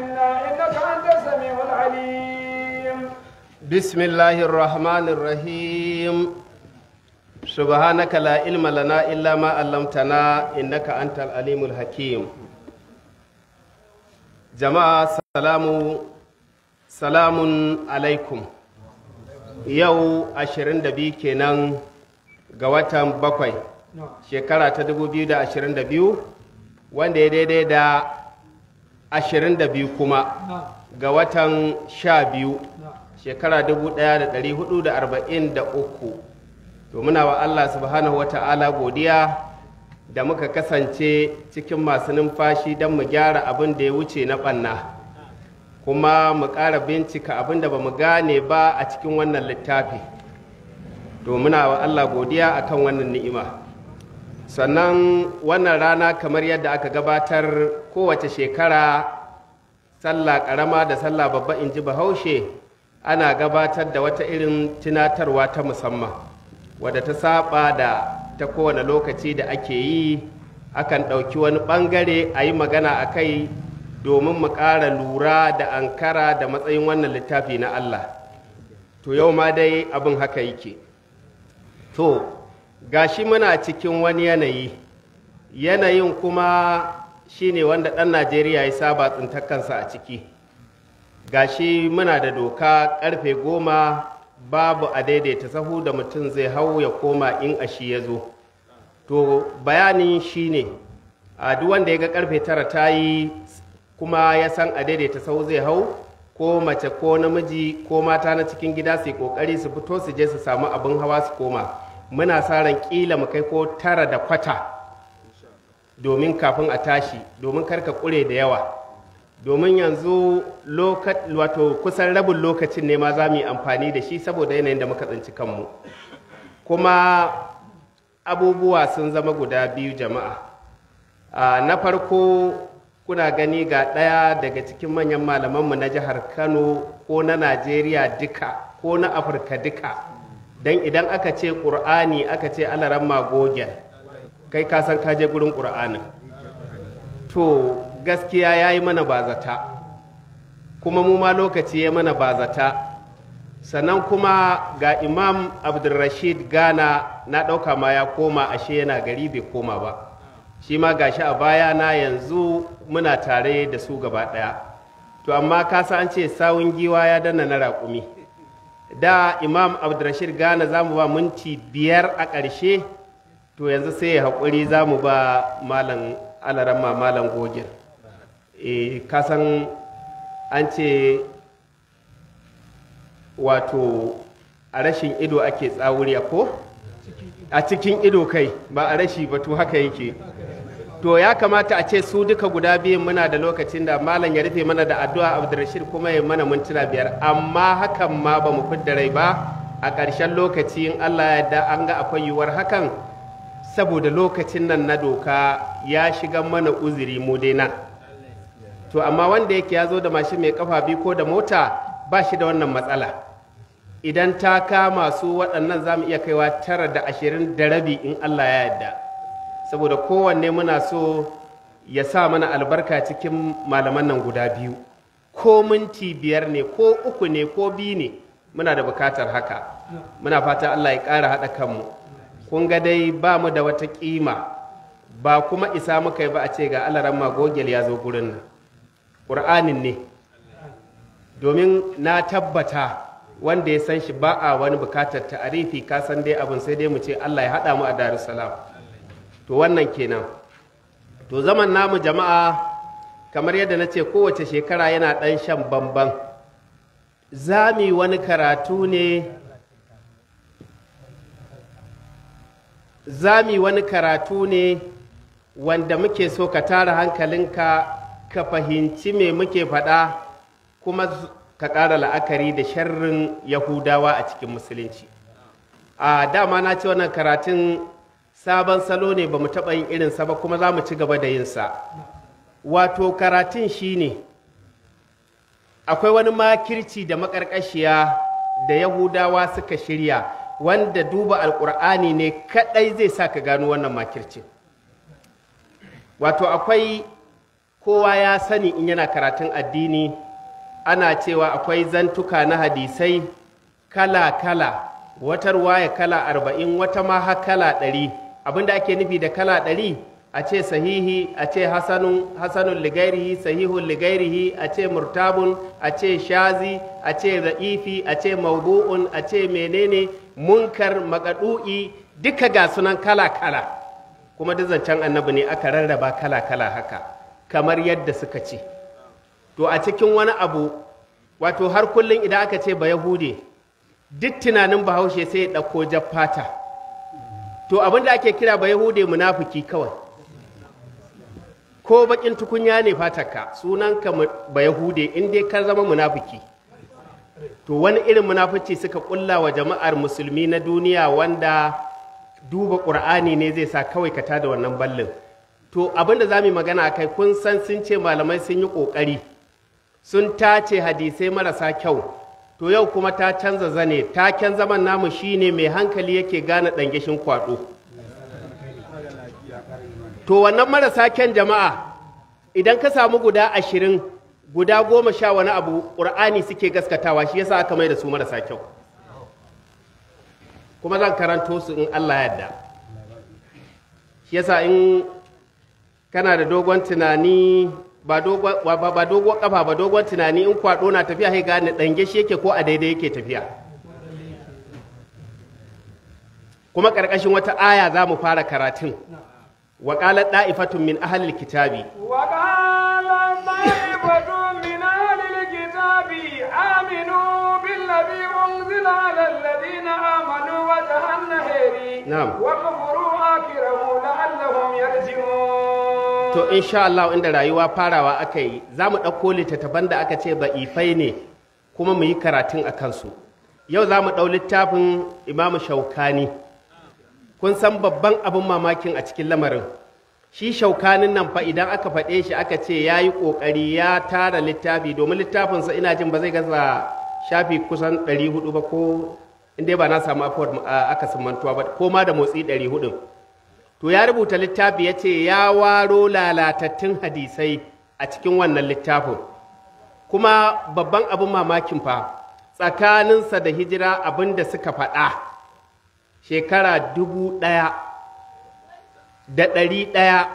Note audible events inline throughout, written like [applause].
منا إنك أنت السميع العليم بسم الله الرحمن الرحيم سبحانك لا علم لنا إلا ما علمتنا إنك أنت العليم الحكيم جماعة سلام سلام عليكم yau 22 kenan ga watan bakwai shekara ta 2022 wanda ya daidai da Ashirin da biyu kuma ga watan sha biyu shekara dubu ɗaya da da ɗari arba'in uku to muna wa Allah subhanahu Ta'ala godiya da muka kasance cikin masu numfashi don mu gyara abin da ya wuce na ɓanna kuma mu ƙara bincika abin da ba mu gane ba a cikin wannan littafi to muna wa Allah godiya akan wannan ni'ima sannan wannan rana kamar yadda aka gabatar kowace shekara sallah ƙarama da sallah babba in ji bahaushe ana gabatar da wata irin tunatarwa ta musamman wadda ta saba da ta kowane lokaci da ake yi akan ɗauki wani ɓangare a yi magana a kai domin mu ƙara lura da ankara da matsayin wannan littafi na Allah to yau ma dai abin haka yake to gashi muna cikin wani yanayi yanayin kuma shine wanda ɗan najeriya ya saba tsintakansa a ciki gashi muna da doka ƙarfe goma babu a daidaita sahu da mutum zai hau ya koma in ashi ya zo to bayanin shine a duk wanda ya ga ƙarfe tara ta yi kuma ya san a daidaita sahu zai hau ko mace ko namiji ko mata na cikin gida su yi ƙoƙari su fito su je su samu abin hawa su koma muna sa ran kila mu kai ko tara da kwata domin kafin a tashi domin karka kure da yawa domin yanzu wato kusan rabin lokacin ne ma za mu yi amfani da shi saboda yanayin da muka tsinci kanmu kuma abubuwa sun zama guda biyu jama'a na farko kuna gani ga ɗaya daga cikin manyan malamanmu na jihar kano ko na najeriya duka ko na afirka duka don idan aka ce ƙur'ani aka ce alaran magogin kai kasan san ka je gurin ƙur'anin to gaskiya ya yi mana bazata kuma mu ma lokaci ya mana bazata sannan kuma ga imam abdulrashid ghana na ɗauka ma ya koma ashe yana gari bai koma ba shi ma gashi a baya na yanzu muna tare da su gaba ɗaya to amma kasa an ce sawun giwa ya danna na raƙumi da imam abdurashir gane za mu ba minti biyar a ƙarshe to yanzu sai ya haƙuri za mu ba malam alarama malam gogir e, eh, kasan an ce wato a rashin ido ake tsawuri ko a cikin ido kai ba a rashi ba to haka yake to ya kamata a ce su duka guda biyun muna da lokacin da malam ya rufe mana da addu'a abdurrashid kuma ya mana mintuna biyar amma hakan ma ba mu fidda rai ba a ƙarshen lokaci in allah ya da an ga akwai yiwuwar hakan saboda lokacin nan na doka ya shiga mana uziri mu dai nan to amma wanda yake ya zo da mashin mai kafa biyu ko da mota ba shi da wannan matsala idan ta kama su waɗannan za mu iya kaiwa tara da ashirin da rabi in allah ya yarda saboda kowanne muna so ya sa mana albarka cikin malaman nan guda biyu ko minti biyar ne ko uku ne ko biyu ne muna da bukatar haka muna fatan Allah ya ƙara haɗa kanmu kun ga dai ba mu da wata ƙima ba kuma isa muka yi ba a ce ga alaran magogel ya zo gurin nan ƙur'anin ne domin na tabbata wanda ya san shi ba a wani bukatar ta'arifi ka san dai abin sai dai mu ce Allah ya haɗa mu a Darussalam to wannan kenan to zaman namu jama'a kamar yadda na ce kowace shekara yana ɗan shan bamban za mu yi wani karatu ne za wani karatu ne wanda muke so ka tara hankalinka ka fahimci me muke faɗa kuma ka ƙara la'akari da sharrin yahudawa a cikin musulunci a dama na ce wannan karatun sabon salo ne ba mu taɓa yin irinsa ba kuma za mu ci gaba da yinsa wato karatun shi ne akwai wani makirci da maƙarƙashiya da yahudawa suka shirya wanda duba alƙur'ani ne kaɗai zai sa ka gano wannan makirci? wato akwai kowa ya sani in yana karatun addini ana cewa akwai zantuka na hadisai kala-kala watar ya kala arba'in wata ma kala ɗari abin da ake nufi da kala ɗari a ce sahihi a ce hasanun hasanun ligairihi sahihun ligairihi a ce murtabun a ce shazi a ce za'ifi a ce maudu'un a ce menene munkar makadu'i duka ga sunan kala kala kuma duk zancen annabi ne aka rarraba kala kala haka kamar yadda suka ce to a cikin wani abu wato har kullum idan aka ce ba yahude duk tunanin bahaushe sai ya ɗauko jaffata fata to abin da ake kira ba yahude munafiki kawai ko bakin tukunya ne fatarka sunanka ba yahude in dai ka zama munafiki to wani irin munafici suka kulla wa jama'ar musulmi na duniya wanda duba ƙur'ani ne zai sa kawai ka tada wannan ballin to abin da za mu magana a kai kun san sun ce malamai sun yi ƙoƙari sun tace hadisai marasa kyau to yau kuma ta canza zane taken zaman namu shine mai hankali yake gane ɗangishin kwaɗo to wannan marasa kyan jama'a idan ka samu guda ashirin guda goma sha wani abu ƙur'ani suke gaskatawa shi yasa aka mai da su marasa kyau kuma zan karanto su in allah yadda shi yasa in kana da dogon tunani ba dogon kafa ba dogon tunani in kwaɗo na tafiya sai gane ɗan shi yake ko a daidai yake tafiya kuma ƙarƙashin wata aya za mu fara karatun wa qala da'ifatun min ahlil kitabi wa qala da'ifatun min ahlil kitabi aminu billadhi unzila ala alladhina amanu wa jahannahari wa kufuru akhirahu la'allahum yarji'un to insha Allah inda rayuwa farawa aka yi za mu ɗauko littattafan da aka ce ifai ne kuma mu yi karatun a kansu yau za mu ɗau littafin imamu shaukani kun san babban abin mamakin a cikin lamarin shi shaukanin nan fa idan aka faɗe shi aka ce ya yi ƙoƙari ya tara littafi domin littafinsa ina jin ba zai gaza shafi kusan 400 ba ko inda ba na samu aka mantuwa ba ko ma da motsi ɗari hudu to ya rubuta littafi ya ce ya waro lalatattun hadisai a cikin wannan littafin kuma babban abin mamakin fa tsakaninsa da hijira abin da suka faɗa shekara dubu ɗaya da ɗari ɗaya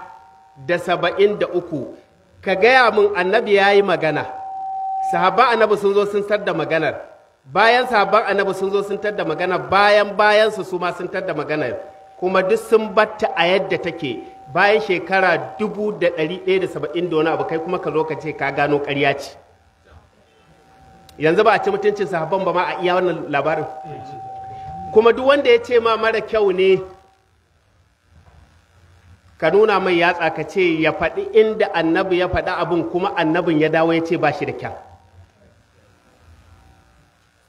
da saba'in da uku ka gaya min annabi ya yi magana sahabban annabi sun zo sun tar da maganar bayan sahabban annabi sun zo sun tar da maganar bayan bayansu su ma sun tar da maganar kuma duk sun batta a yadda take bayan shekara dubu da ɗari ɗaya da saba'in da wani abu kai kuma ka zo ka ce ka gano ƙarya ce yanzu ba a ci mutuncin sahabban ba ma a iya wannan labarin kuma duk wanda ya ce ma mara kyau ne ka nuna mai yatsa ka ce ya faɗi inda annabi ya faɗi abin kuma annabin ya dawo ya ce ba shi da kyau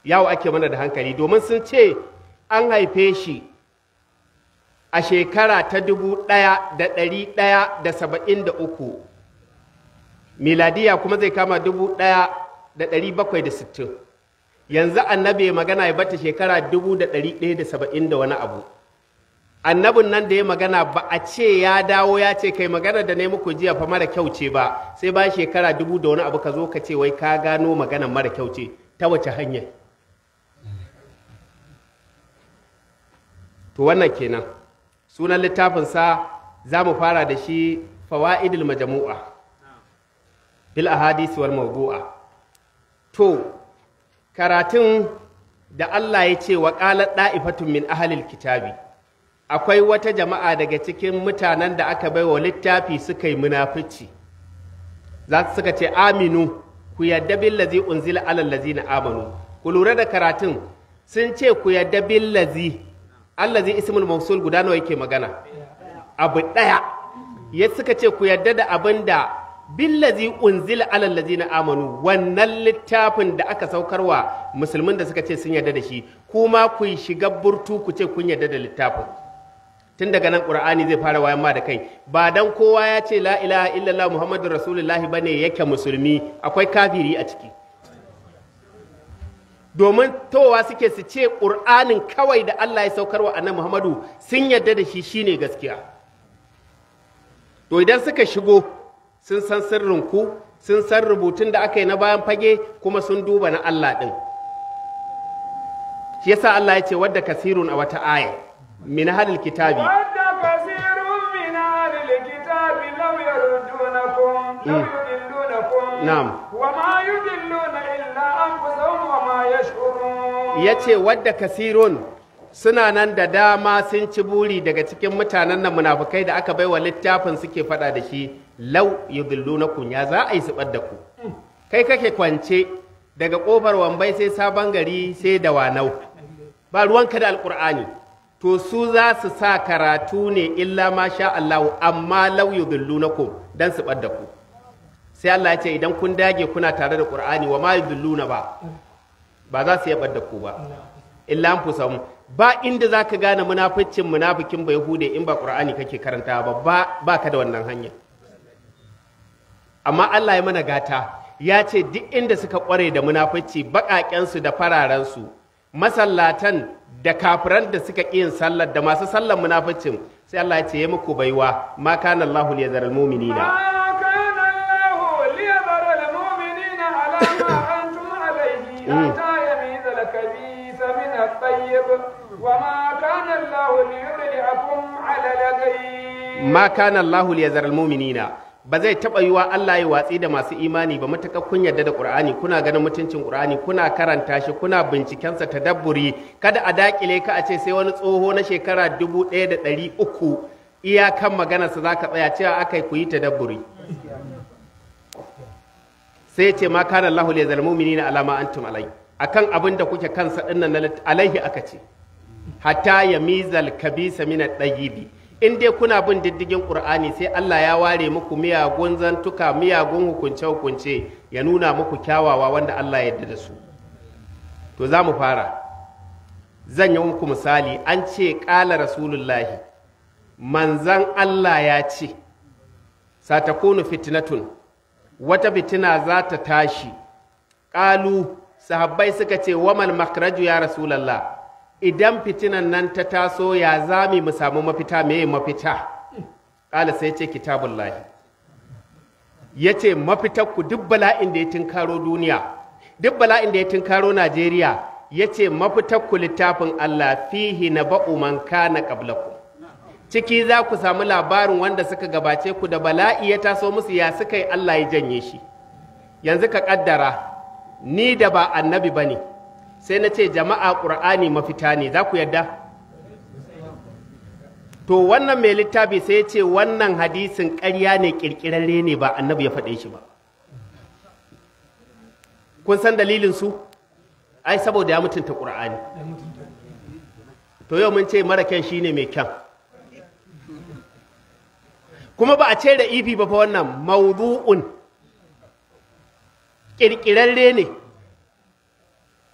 yawo ake mana da hankali domin sun ce an haife shi a shekara ta dubu miladiya kuma zai kama dubu ɗaya yanzu annabi magana ya bata shekara dubu da wani abu annabin nan da ya magana ba a ce ya dawo ya ce kai magana da na ne muku jiya fa mara kyau ce ba sai ba shekara dubu da wani abu ka zo ka ce wai ka gano magana mara kyau ce ta wace hanyar. to wannan kenan sunan littafinsa za mu fara da shi fawa'idul majamu'a bil ahadisi wal mawdu'a to karatun da Allah ya ce wa qalat da'ifatun min ahlil kitabi akwai wata jama'a daga cikin mutanen da aka bai wa littafi suka yi munafici za su suka ce aminu ku yadda billazi unzila alal ladina amanu ku lura da karatun sun ce ku yadda billazi Allah allazi ismul mausul guda nawa yake magana abu daya ya suka ce ku yarda da abin da billazi unzila alal amanu wannan littafin da aka saukarwa musulmin da suka ce sun yarda da shi kuma ku shiga burtu ku ce kun yarda da littafin tun daga nan qur'ani zai fara wayan ma da kai ba dan kowa ya ce la ilaha illallah muhammadur rasulullahi bane yake musulmi akwai kafiri a ciki domin towa suke su ce ƙur'anin kawai da Allah ya saukar saukarwa annabi Muhammadu sun yadda da shi shine gaskiya to idan suka shigo sun san sirrin ku sun san rubutun da aka yi na bayan fage kuma sun duba na Allah ɗin shi yasa Allah ya ce wadda kasirun a wata aya min halil kitabi wadda kasirun min halil kitabi mm. na'am ya ce wadda kasirun suna nan da dama sun ci buri daga cikin mutanen nan munafukai da aka baiwa littafin suke faɗa da shi lau na ya za a yi su da ku kai kake kwance daga kofar wambai sai sabon gari sai da wanau ba ruwanka da alkur'ani to su za su sa karatu ne illa ma sha Allah amma lau ku dan su da ku sai Allah ya ce idan kun dage kuna tare da ƙur'ani wa ma na ba ba za su yabar da ku ba illa an ba inda za ka gane munafacin munafukin bai hude in ba ƙur'ani kake karanta ba ba ka da wannan hanya amma Allah ya mana gata ya ce duk inda suka kware da munafaci baƙaƙensu da fararensu masallatan da kafiran da suka ƙi yin sallar da masu sallar munafucin, sai Allah ya ce ya muku baiwa ma kana Allahu alaihi almu'minina mm. ta. الطيب وما كان الله ليطلعكم على الغيب ما كان الله ليذر المؤمنين ba zai taɓa yiwa Allah ya watsi da masu imani ba matuƙa kun yarda da Ƙur'ani kuna ganin mutuncin Ƙur'ani kuna karanta shi kuna bincikensa ta dabburi kada a daƙile ka a ce sai wani tsoho na shekara dubu ɗaya da ɗari uku iyakan maganarsa za ka tsaya cewa aka yi ku yi ta dabburi sai ce ma kana Allahu li zalmumini minina alama antum alai akan abin da kuke kansa ɗinnan na alaihi aka ce hatta ya mizal kabisa mina ɗayibi in dai kuna bin diddigin ƙur'ani sai Allah ya ware muku miyagun zantuka miyagun hukunce hukunce ya nuna muku kyawawa wanda Allah ya yarda da su to za mu fara zan yi muku misali an ce ƙala rasulullahi manzan Allah ya ce satakunu fitnatun wata fitina za ta tashi ƙalu sahabbai suka ce wamal makraju ya rasulallah idan fitinan nan ta taso ya zami mu samu mafita meye mafita ƙala sai ce lahi ya ce mafitar ku duk bala'in da ya tunkaro duniya duk bala'in da ya tinkaro najeriya ya ce mafitar ku littafin allah fihi na ba'u man ƙabla ku ciki za ku samu labarin wanda suka gabace ku da bala'i ya taso musu ya suka yi allah ya janye shi yanzu ka ƙaddara ni da ba annabi ba ne sai na ce jama'a ƙur'ani mafita ne za ku yadda to wannan mai littafi sai ya ce wannan hadisin ƙarya ne ƙirƙirarre ne ba annabi ya faɗe shi ba kun san dalilin su ai saboda ya mutunta ƙur'ani to yau mun ce mara kyan shine mai kyan kuma ba a ce da ifi ba fa wannan Ma'udu'un. ƙirƙirarre ne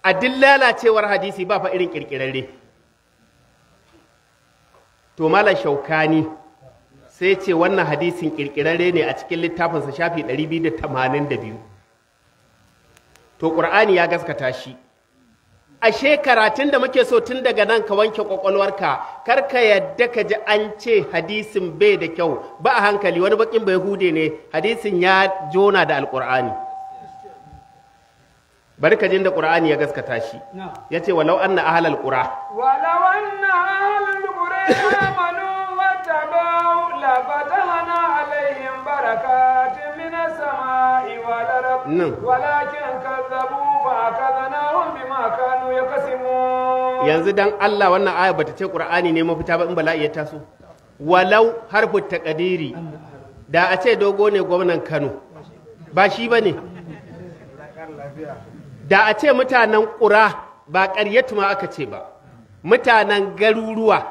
a duk lalacewar hadisi ba fa irin ƙirƙirarre to malam shaukani sai ce wannan hadisin ƙirƙirarre ne a cikin littafinsa shafi 282 to ƙur'ani ya gaskata shi ashe karatun da muke so tun daga nan ka wanke ƙwaƙwalwarka, kar ka yadda ka ji an ce hadisin bai da kyau ba a hankali wani bakin bai hude ne hadisin ya jona da alkur'ani bari ka jin da qur'ani ya gaskata shi yace walau anna ahlal qura walau anna ahlal qura amanu wa tabahu la fatahna alaihim barakatin minas samai wal ardi walakin kazzabu fa akadnahum bima kanu yakasimun yanzu dan Allah wannan aya bata ce qur'ani ne mafita ba in bala'i ya taso walau harfu takadiri da a ce dogo ne gwamnan Kano ba shi bane da a ce mutanen ƙura ba ƙaryatu ma aka ce ba mutanen garuruwa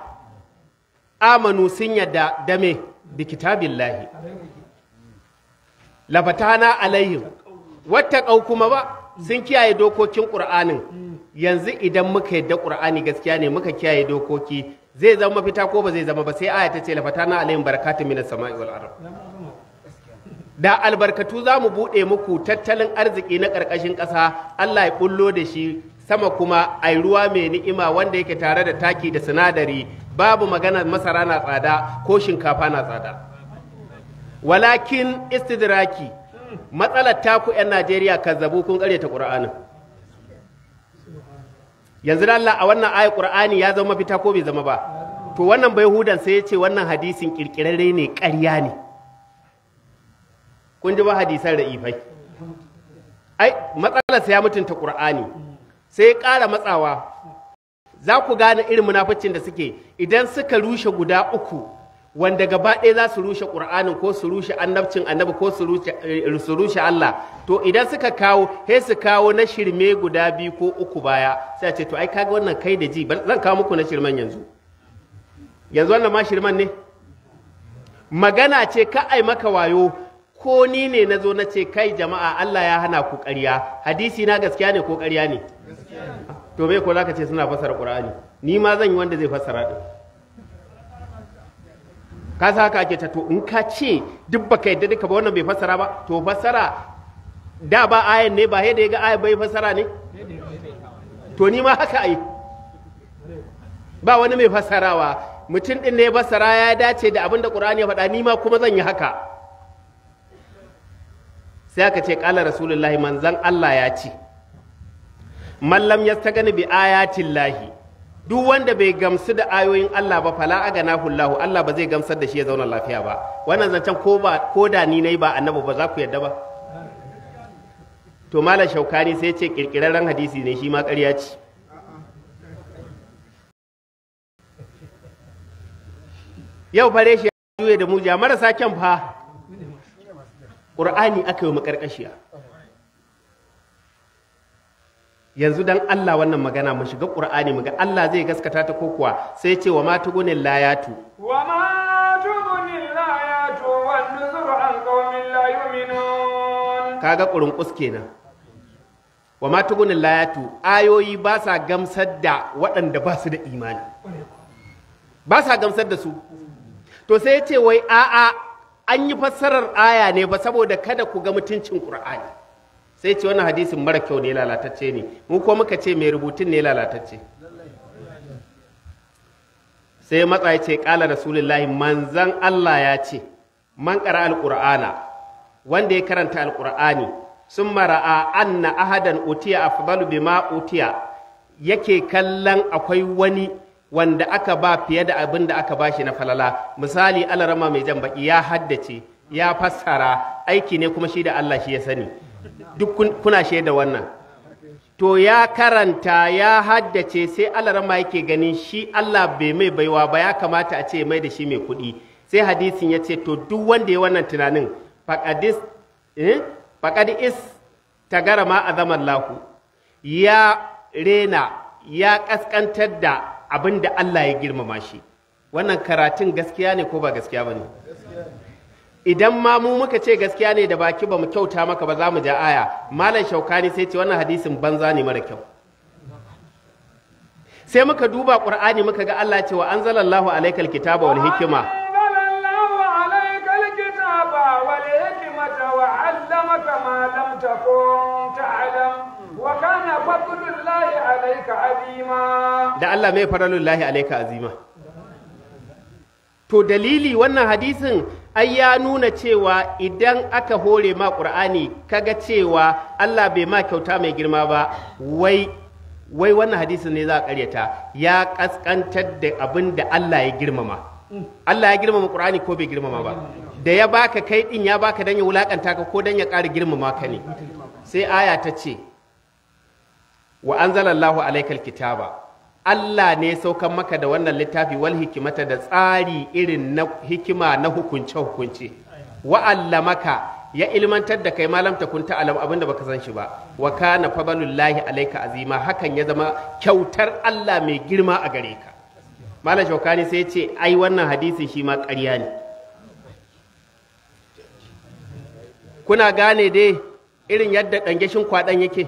amanu sun yadda da kitabin lahi kitabillahi na wata ƙau kuma ba sun kiyaye dokokin ƙur'anin yanzu idan muka yadda ƙur'ani gaskiya ne muka kiyaye dokoki zai zama mafita ko ba zai zama ba sai aya ta ce lafatana alaihim barakatun minas sama'i wal da albarkatu za mu buɗe muku tattalin arziki na ƙarƙashin ƙasa Allah ya bullo da shi sama kuma ai ruwa mai ni'ima wanda yake tare da taki da sinadari babu magana masara na tsada ko shinkafa na tsada walakin istidraki matsalar taku 'yan Najeriya kazzabu kun ƙaryata ƙur'anin yanzu Allah a wannan ayat ƙur'ani ya zama mafita ko bai zama ba to wannan bai hudan sai ya ce wannan hadisin ƙirƙirarre ne ƙarya ne kun ji ba hadisan ra'ifai ai sai ya mutunta qur'ani sai ƙara matsawa za ku gane irin munafucin da suke idan suka rushe guda uku wanda gaba ɗaya za su rushe qur'anin ko su rushe annabcin annabi ko su rushe eh, Allah to idan suka kawo he su kawo na shirme guda biyu ko uku baya sai a ce to ai kaga wannan kai da ji zan kawo muku na shirman yanzu yanzu wannan ma shirman ne magana ce ka ai maka wayo ko ni ne na zo na ce kai jama'a Allah ya hana ku ƙarya hadisi na gaskiya ne ko ƙarya ne to me ko zaka ce suna fassara Qur'ani ni ma zan yi wanda zai fassara din ka sa haka ake ta to in ka ce duk baka yadda duka ba wannan bai fassara ba to fassara da ba ayan ne ba yadda ya ga ayan bai fassara ne to ni ma haka ai ba wani mai fassarawa mutum din ne ya fassara ya dace da abin da Qur'ani ya faɗa ni ma kuma zan yi haka sai aka ce ƙala rasulullahi manzan Allah ya ce mallam ya ta gani bi ayatin lahi duk wanda bai gamsu da ayoyin Allah ba fala gana hullahu Allah ba zai gamsar da shi ya zauna lafiya ba wannan zancen ko ko da ni nayi ba annabi ba za ku yarda ba to malam shaukani sai ce kirkirarren hadisi ne shi ma ƙarya ce yau fare shi juye da muja marasa kyan fa ƙur'ani aka yi makarƙashiya yanzu don Allah wannan magana mu shiga Qur'ani mu ga Allah zai gaskata ta ko kuwa sai ce wa ma gunin layatu wa ma gunin layatu wanda zuru an qaumin Ka ga kaga ƙuske kenan wa ma gunin layatu ayoyi ba sa gamsar da waɗanda ba su da imani ba sa gamsar da su to sai ce wai a'a an yi fassarar aya ne ba saboda kada ku ga mutuncin Qur'ani sai ce wannan hadisin mara kyau ne lalatacce ne mu ko muka ce mai rubutun ne lalatacce sai matsa ya ce ƙala rasulullahi manzan Allah ya ce man ƙara alƙur'ana wanda ya karanta alƙur'ani sun mara'a anna ahadan utiya afdalu bima utiya yake kallon akwai wani wanda aka ba fiye da abin da aka shi na falala misali alarama mai jan baki ya haddace ya fassara aiki ne kuma shi da Allah shi ya sani duk kuna da wannan to ya karanta ya haddace sai alarama yake ganin shi Allah bai mai baiwa ba ya kamata a ce mai da shi mai kuɗi sai hadisin ya ce to duk wanda ya wannan tunanin faƙadis eh? is tagara ma azaman laku ya rena ya ƙasƙantar da abin da Allah ya girmama shi wannan karatun gaskiya ne ko ba gaskiya ba ne idan ma mu muka ce gaskiya ne da baki ba mu kyauta maka ba za mu ja aya malam shaukani sai ce wannan hadisin banza ne mara kyau sai muka duba qur'ani muka ga Allah cewa anzalallahu alaikal kitaba wal hikima wa kana faralullahi alaika azima da Allah mai faralullahi alaika azima to dalili wannan hadisin ai ya nuna cewa idan aka hore ma ƙur'ani kaga cewa Allah bai ma kyauta mai girma ba wai wai wannan hadisin ne za a karyata ya kaskantar da abin da Allah ya girmama Allah ya girmama ƙur'ani ko bai girmama ba da ya baka kai din ya baka dan ya wulakanta ka ko dan ya ƙara girmama ka ne sai aya ta ce wa anzalallahu alaikal kitaba Allah ne saukan maka da wannan littafi wal hikimata da tsari irin na hikima na hukunce hukunce wa allamaka ya ilmantar da kai malam ta kunta alam abinda baka san shi ba wa kana fabalullahi alayka azima hakan ya zama kyautar Allah mai girma a gare ka malam shaukani sai ya ce ai wannan hadisin shi ma ƙarya ne kuna gane dai irin yadda ɗangeshin kwaɗan yake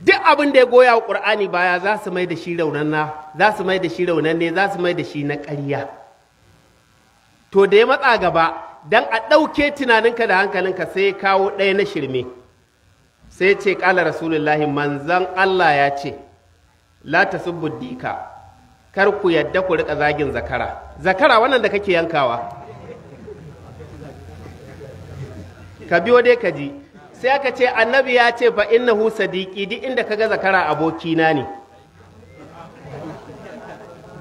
duk abin da ya goya wa ƙur'ani baya za su mai da shi raunanna za su mai da shi raunanne za su mai da shi na ƙarya to da ya matsa gaba don a ɗauke tunaninka da hankalinka sai kawo ɗaya na shirme sai ce ƙala rasulullahi manzan allah ya ce la ta dika kar ku yadda ku riƙa zagin zakara zakara wannan da kake yankawa ka biyo dai ka ji sai aka ce annabi ya ce fa innahu sadiki duk inda kaga zakara abokina ne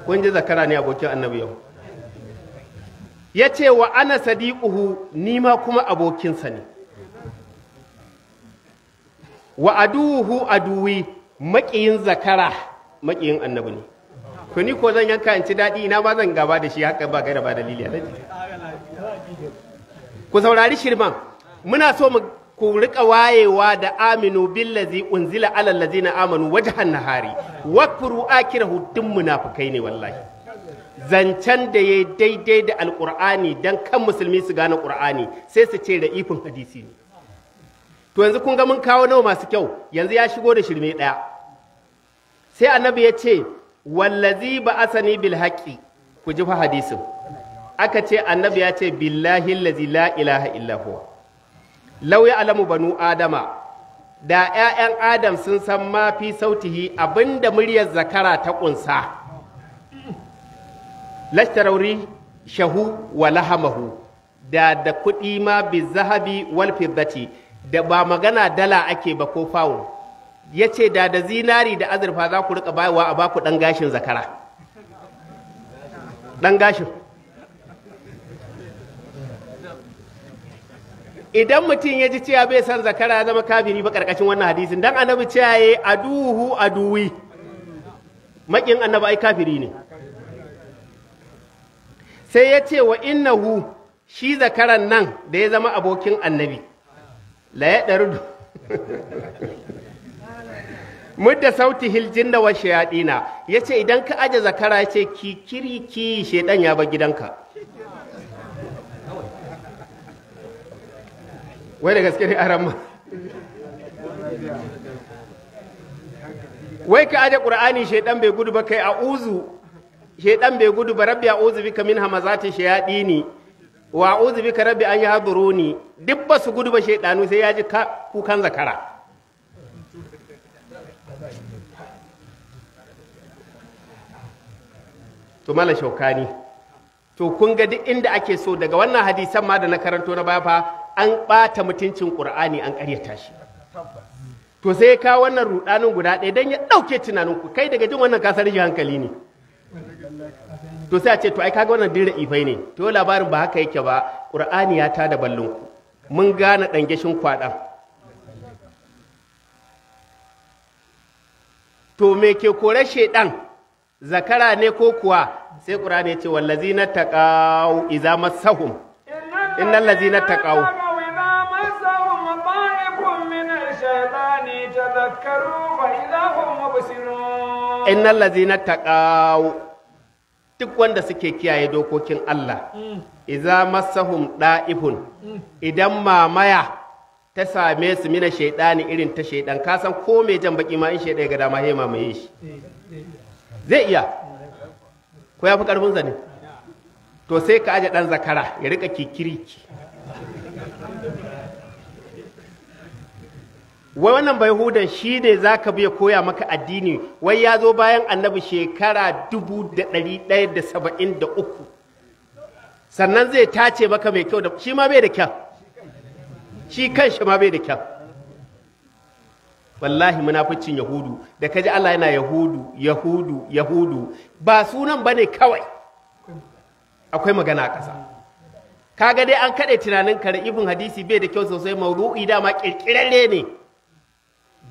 kun ji zakara ne abokin annabi yau ya ce wa ana sadiquhu ni ma kuma abokinsa ne wa aduhu aduwi maƙiyin zakara maƙiyin annabi ne ku ni ko zan yanka in ci daɗi ina ba zan gaba da shi haka ba gaira ba dalili a ku saurari shirman muna so mu ku rika wayewa da aminu billazi unzila ala allazina amanu wajhan nahari wa kuru akirahu dum munafikai ne wallahi zancen da yayi daidai da alqur'ani dan kan musulmi su gane qur'ani sai su ce da ifin hadisi ne to yanzu kun ga mun kawo nawa masu kyau yanzu ya shigo da shirme daya sai annabi ya ce wallazi ba asani bil haqqi ku ji fa hadisin aka ce annabi ya ce billahi allazi la ilaha illa huwa lau ya alamu banu adama da 'ya'yan adam sun san mafi fi sautihi abinda muryar zakara ta ƙunsa lashtarauri shahu wa lahamahu da da kuɗi ma bi zahabi wal fiddati da ba magana dala ake ba ko fawo, ya ce da da zinari da azurfa za ku riƙa bayarwa a baku ɗan gashin zakara ɗan gashin idan mutum ya ji cewa bai san zakara ya zama kafiri ba karkashin wannan hadisin dan annabi cewa yayi aduhu aduwi makin annabi ai kafiri ne sai ya ce wa innahu shi zakaran nan da ya zama abokin annabi la ya ɗarudu [laughs] mudda sauti hiljin da washe ya ce idan ka aje zakara ya ce kikiriki ki shaidan ya bar gidanka wai da gaske ne a ramma wai ka aje qur'ani shaidan bai gudu ba kai a uzu shaidan bai gudu ba rabbi a a'uzu bika min hamazati shayadini wa bi ka rabbi an yahduruni duk ba su gudu ba shaidanu sai ya ji kukan zakara to mala shaukani to kun ga duk inda ake so daga wannan hadisan ma da na karanto na baya fa an ɓata mutuncin ƙur'ani an ƙaryata shi to sai ka wannan rudanin guda ɗaya don ya ɗauke tunaninku kai daga jin wannan kasar shi hankali ne to sai a ce to ai kaga wannan dira ifai ne to labarin ba haka yake ba ƙur'ani ya ta da ku. mun gane ɗan gashin kwaɗan to me ke kore shaiɗan zakara ne ko kuwa sai ƙur'ani ya ce wallazi na taƙawo iza masahum lazi na taƙawo. tazakkaru fa na taƙawo duk wanda suke kiyaye dokokin Allah hmm. iza massahum ɗa’ifun hmm. idan mamaya ta same su mina ne irin ta shaidan kasan ko mai jan baki ma in shaidai ga dama hema mai shi eh, eh, eh. zai iya ko ya fi karfin zane to sai ka aje ɗan zakara ya rika kikiriki wai wannan bai hudan shi ne za ka biya koya maka addini wai ya zo bayan annabi shekara dubu da da saba'in da uku sannan zai tace maka mai kyau da shi ma bai da kyau shi kan shi ma bai da kyau wallahi munaficin yahudu da ka ji Allah yana yahudu yahudu yahudu ba sunan bane kawai akwai magana a ƙasa ga dai an kaɗe tunanin kare ibn hadisi bai da kyau sosai mauru'i dama ƙirƙirarre ne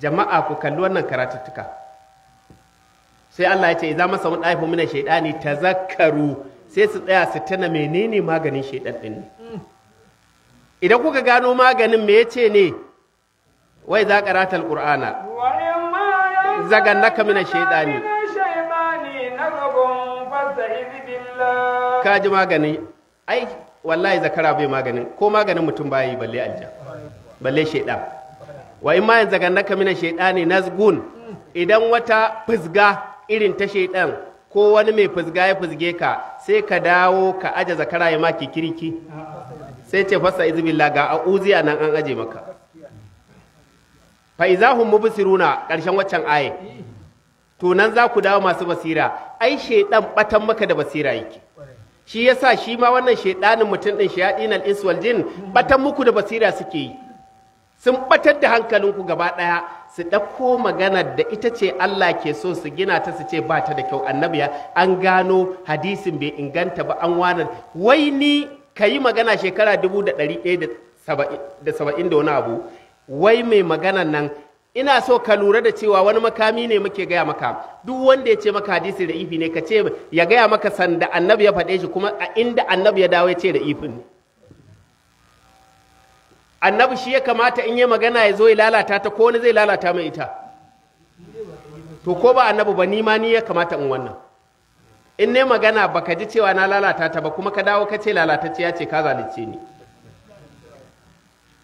jama'a ku kalli wannan karatuttuka sai Allah ya ce idan masa mun daifu mina shaydani tazakkaru sai su tsaya su tana menene maganin shaydan din idan kuka gano maganin me yace ne wai za karatal qur'ana zagannaka mina shaydani ka ji magani ai wallahi zakara bai maganin ko maganin mutum bai balle aljan balle shaydan wa in ma naka mina na nazgun idan wata fusga irin ta shaidan ko wani mai fusga ya fusge ka sai ka dawo ka aje zakara ya maki kiriki sai ce fasa izbillah ga a'uzi a nan an aje maka fa izahum mubsiruna karshen waccan aye to nan za ku dawo masu basira ai shaiɗan batan maka da basira yake shi yasa shi ma wannan shaidanin mutum ɗin shayadin al-ins wal jin batan muku da basira suke yi sun ɓatar da hankalinku gaba ɗaya su ɗauko magana da ita ce Allah ke so su gina ta su ce ba ta da kyau annabiya an gano hadisin bai inganta ba an wani wai ni ka yi magana shekara dubu da ɗari da saba'in da wani abu wai mai magana nan ina so ka lura da cewa wani makami ne muke gaya maka duk wanda ya ce maka hadisi da ifi ne ka ce ya gaya maka sanda annabi ya faɗe shi kuma a inda annabi ya dawo ya ce da ifin ne annabi shi ya kamata in yi magana ya zo ya lalata ta ko wani zai lalata mai ita to ko ba annabi ba ni ma ni ya kamata in wannan in ne magana baka ji cewa na lalata ta ba kuma ka dawo ka ce lalatacciya ce ka zalice ni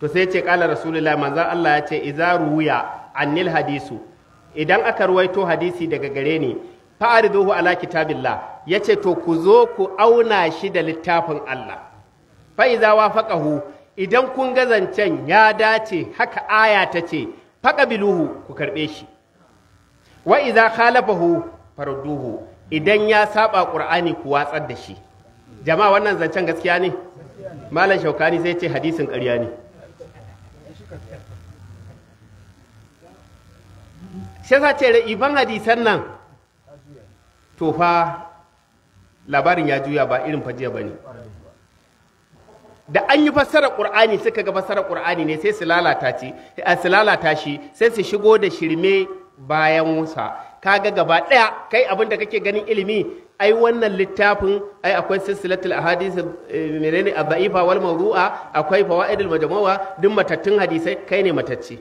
to sai ce kala rasulullahi manzon Allah ya ce idza ruwiya annil hadisu idan aka ruwaito hadisi daga gare ni fa'ariduhu ala kitabillah yace to ku zo ku auna shi da littafin Allah fa idza wafaqahu idan kun ga zancen ya dace haka aya ta ce biluhu ku karɓe shi wa iza khalafahu farduhu idan ya saba qur'ani ku watsar da shi jama'a wannan zancen gaskiya ne malam shaukani sai ce hadisin ƙarya ne sai za ce ibn hadisan nan to fa labarin ya juya ba irin fajiya bane da an yi fassara ƙur'ani suka ga fassara ƙur'ani ne sai su lalata ce eh, su lalata shi sai su shigo da shirme bayan wusa kaga gaba ɗaya kai abin da kake ganin ilimi ai wannan littafin ai akwai silsilatul ahadith eh, menene adhaifa wal mawdu'a akwai fawaidul majmu'a duk matattun hadisai kai ne matacce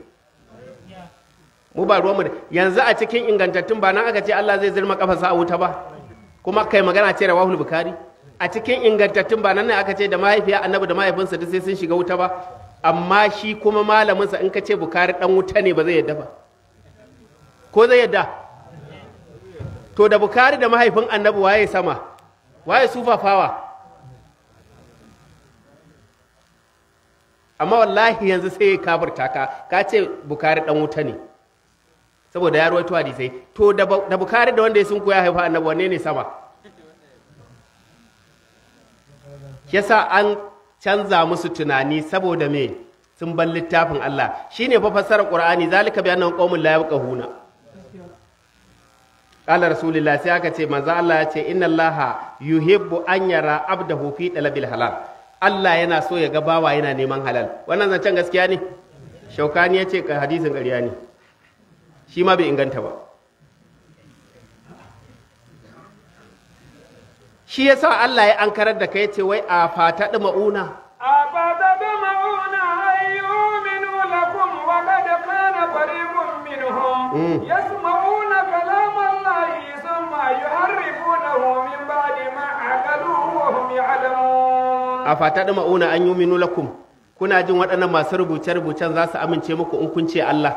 mu ba ruwanmu yanzu a cikin ingantattun ba nan aka ce Allah zai zirma kafa a wuta ba kuma kai magana ce rawahul bukhari a cikin ingantattun ba nan ne aka ce da mahaifiya annabi da mahaifinsa duk sai sun shiga wuta ba amma shi kuma malaminsa in ka ce bukari dan wuta ne ba zai yadda ba ko zai yadda to da bukari da mahaifin annabi waye sama waye sufafawa amma wallahi yanzu sai ya kafirta ka ka ce bukari dan wuta ne saboda ya ruwaito hadisai to da bukari da wanda ya sun koya haifa annabi wanne ne sama yasa an canza musu tunani saboda me sun bar littafin Allah shine fa fassarar Qur'ani zalika bi annahum qaumun la na qala rasulullah sai aka ce manzo Allah ya ce inna Allah yuhibbu an yara abdahu fi talabil halal Allah yana so ya ga bawa yana neman halal wannan zancen gaskiya ne shaukani ya ce hadisin ƙarya ne shi ma bai inganta ba shi yasa Allah ya ankarar da kai ce wai a fata ɗi ma'una a fata ɗi ma'una ayyuminu lakum wa qad kana fariqun minhum mm. yasma'una kalam Allah thumma yuharrifunahu min ba'di ma aqaluhu wa hum ya'lamun a fata ɗi ma'una an yuminu lakum kuna jin waɗannan masu rubuce-rubucen za su amince muku in kun ce Allah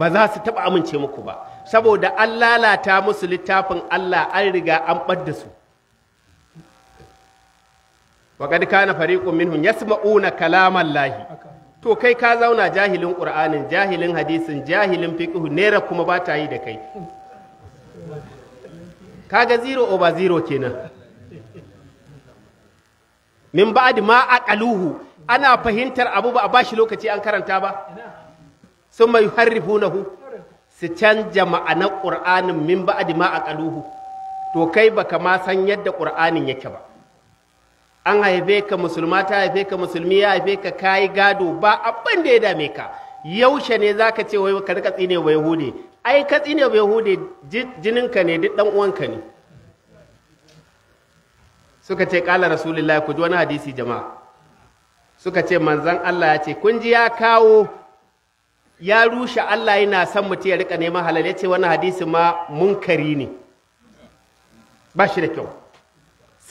ba za su taɓa amince muku ba saboda an lalata musu littafin Allah an riga an ɓadda su wa qad kana fariqun minhum yasma'una kalaman lahi to kai ka zauna jahilin qur'anin jahilin hadisin jahilin fiqhu nera kuma ba ta yi da kai kaga zero over zero kenan min ba'd ma aqaluhu ana fahimtar abu ba a bashi lokaci an karanta ba sun mai harrifunahu su canja ma'anar ƙur'anin min ba'd ma aqaluhu to kai baka ma san yadda ƙur'anin yake ba an haife ka musulma ta haife ka musulmi ya haife ka kayi gado ba abin da ya dame ka yaushe ne zaka ce wai ka rika tsine wa yahudi ai ka tsine wa yahude jininka ne duk dan uwanka ne suka ce kala rasulullahi ku ji wani hadisi jama'a suka ce manzon Allah ya ce kun ji ya kawo ya rushe Allah yana son mutum ya rika neman halal ya ce wani hadisi ma munkari ne ba shi da kyau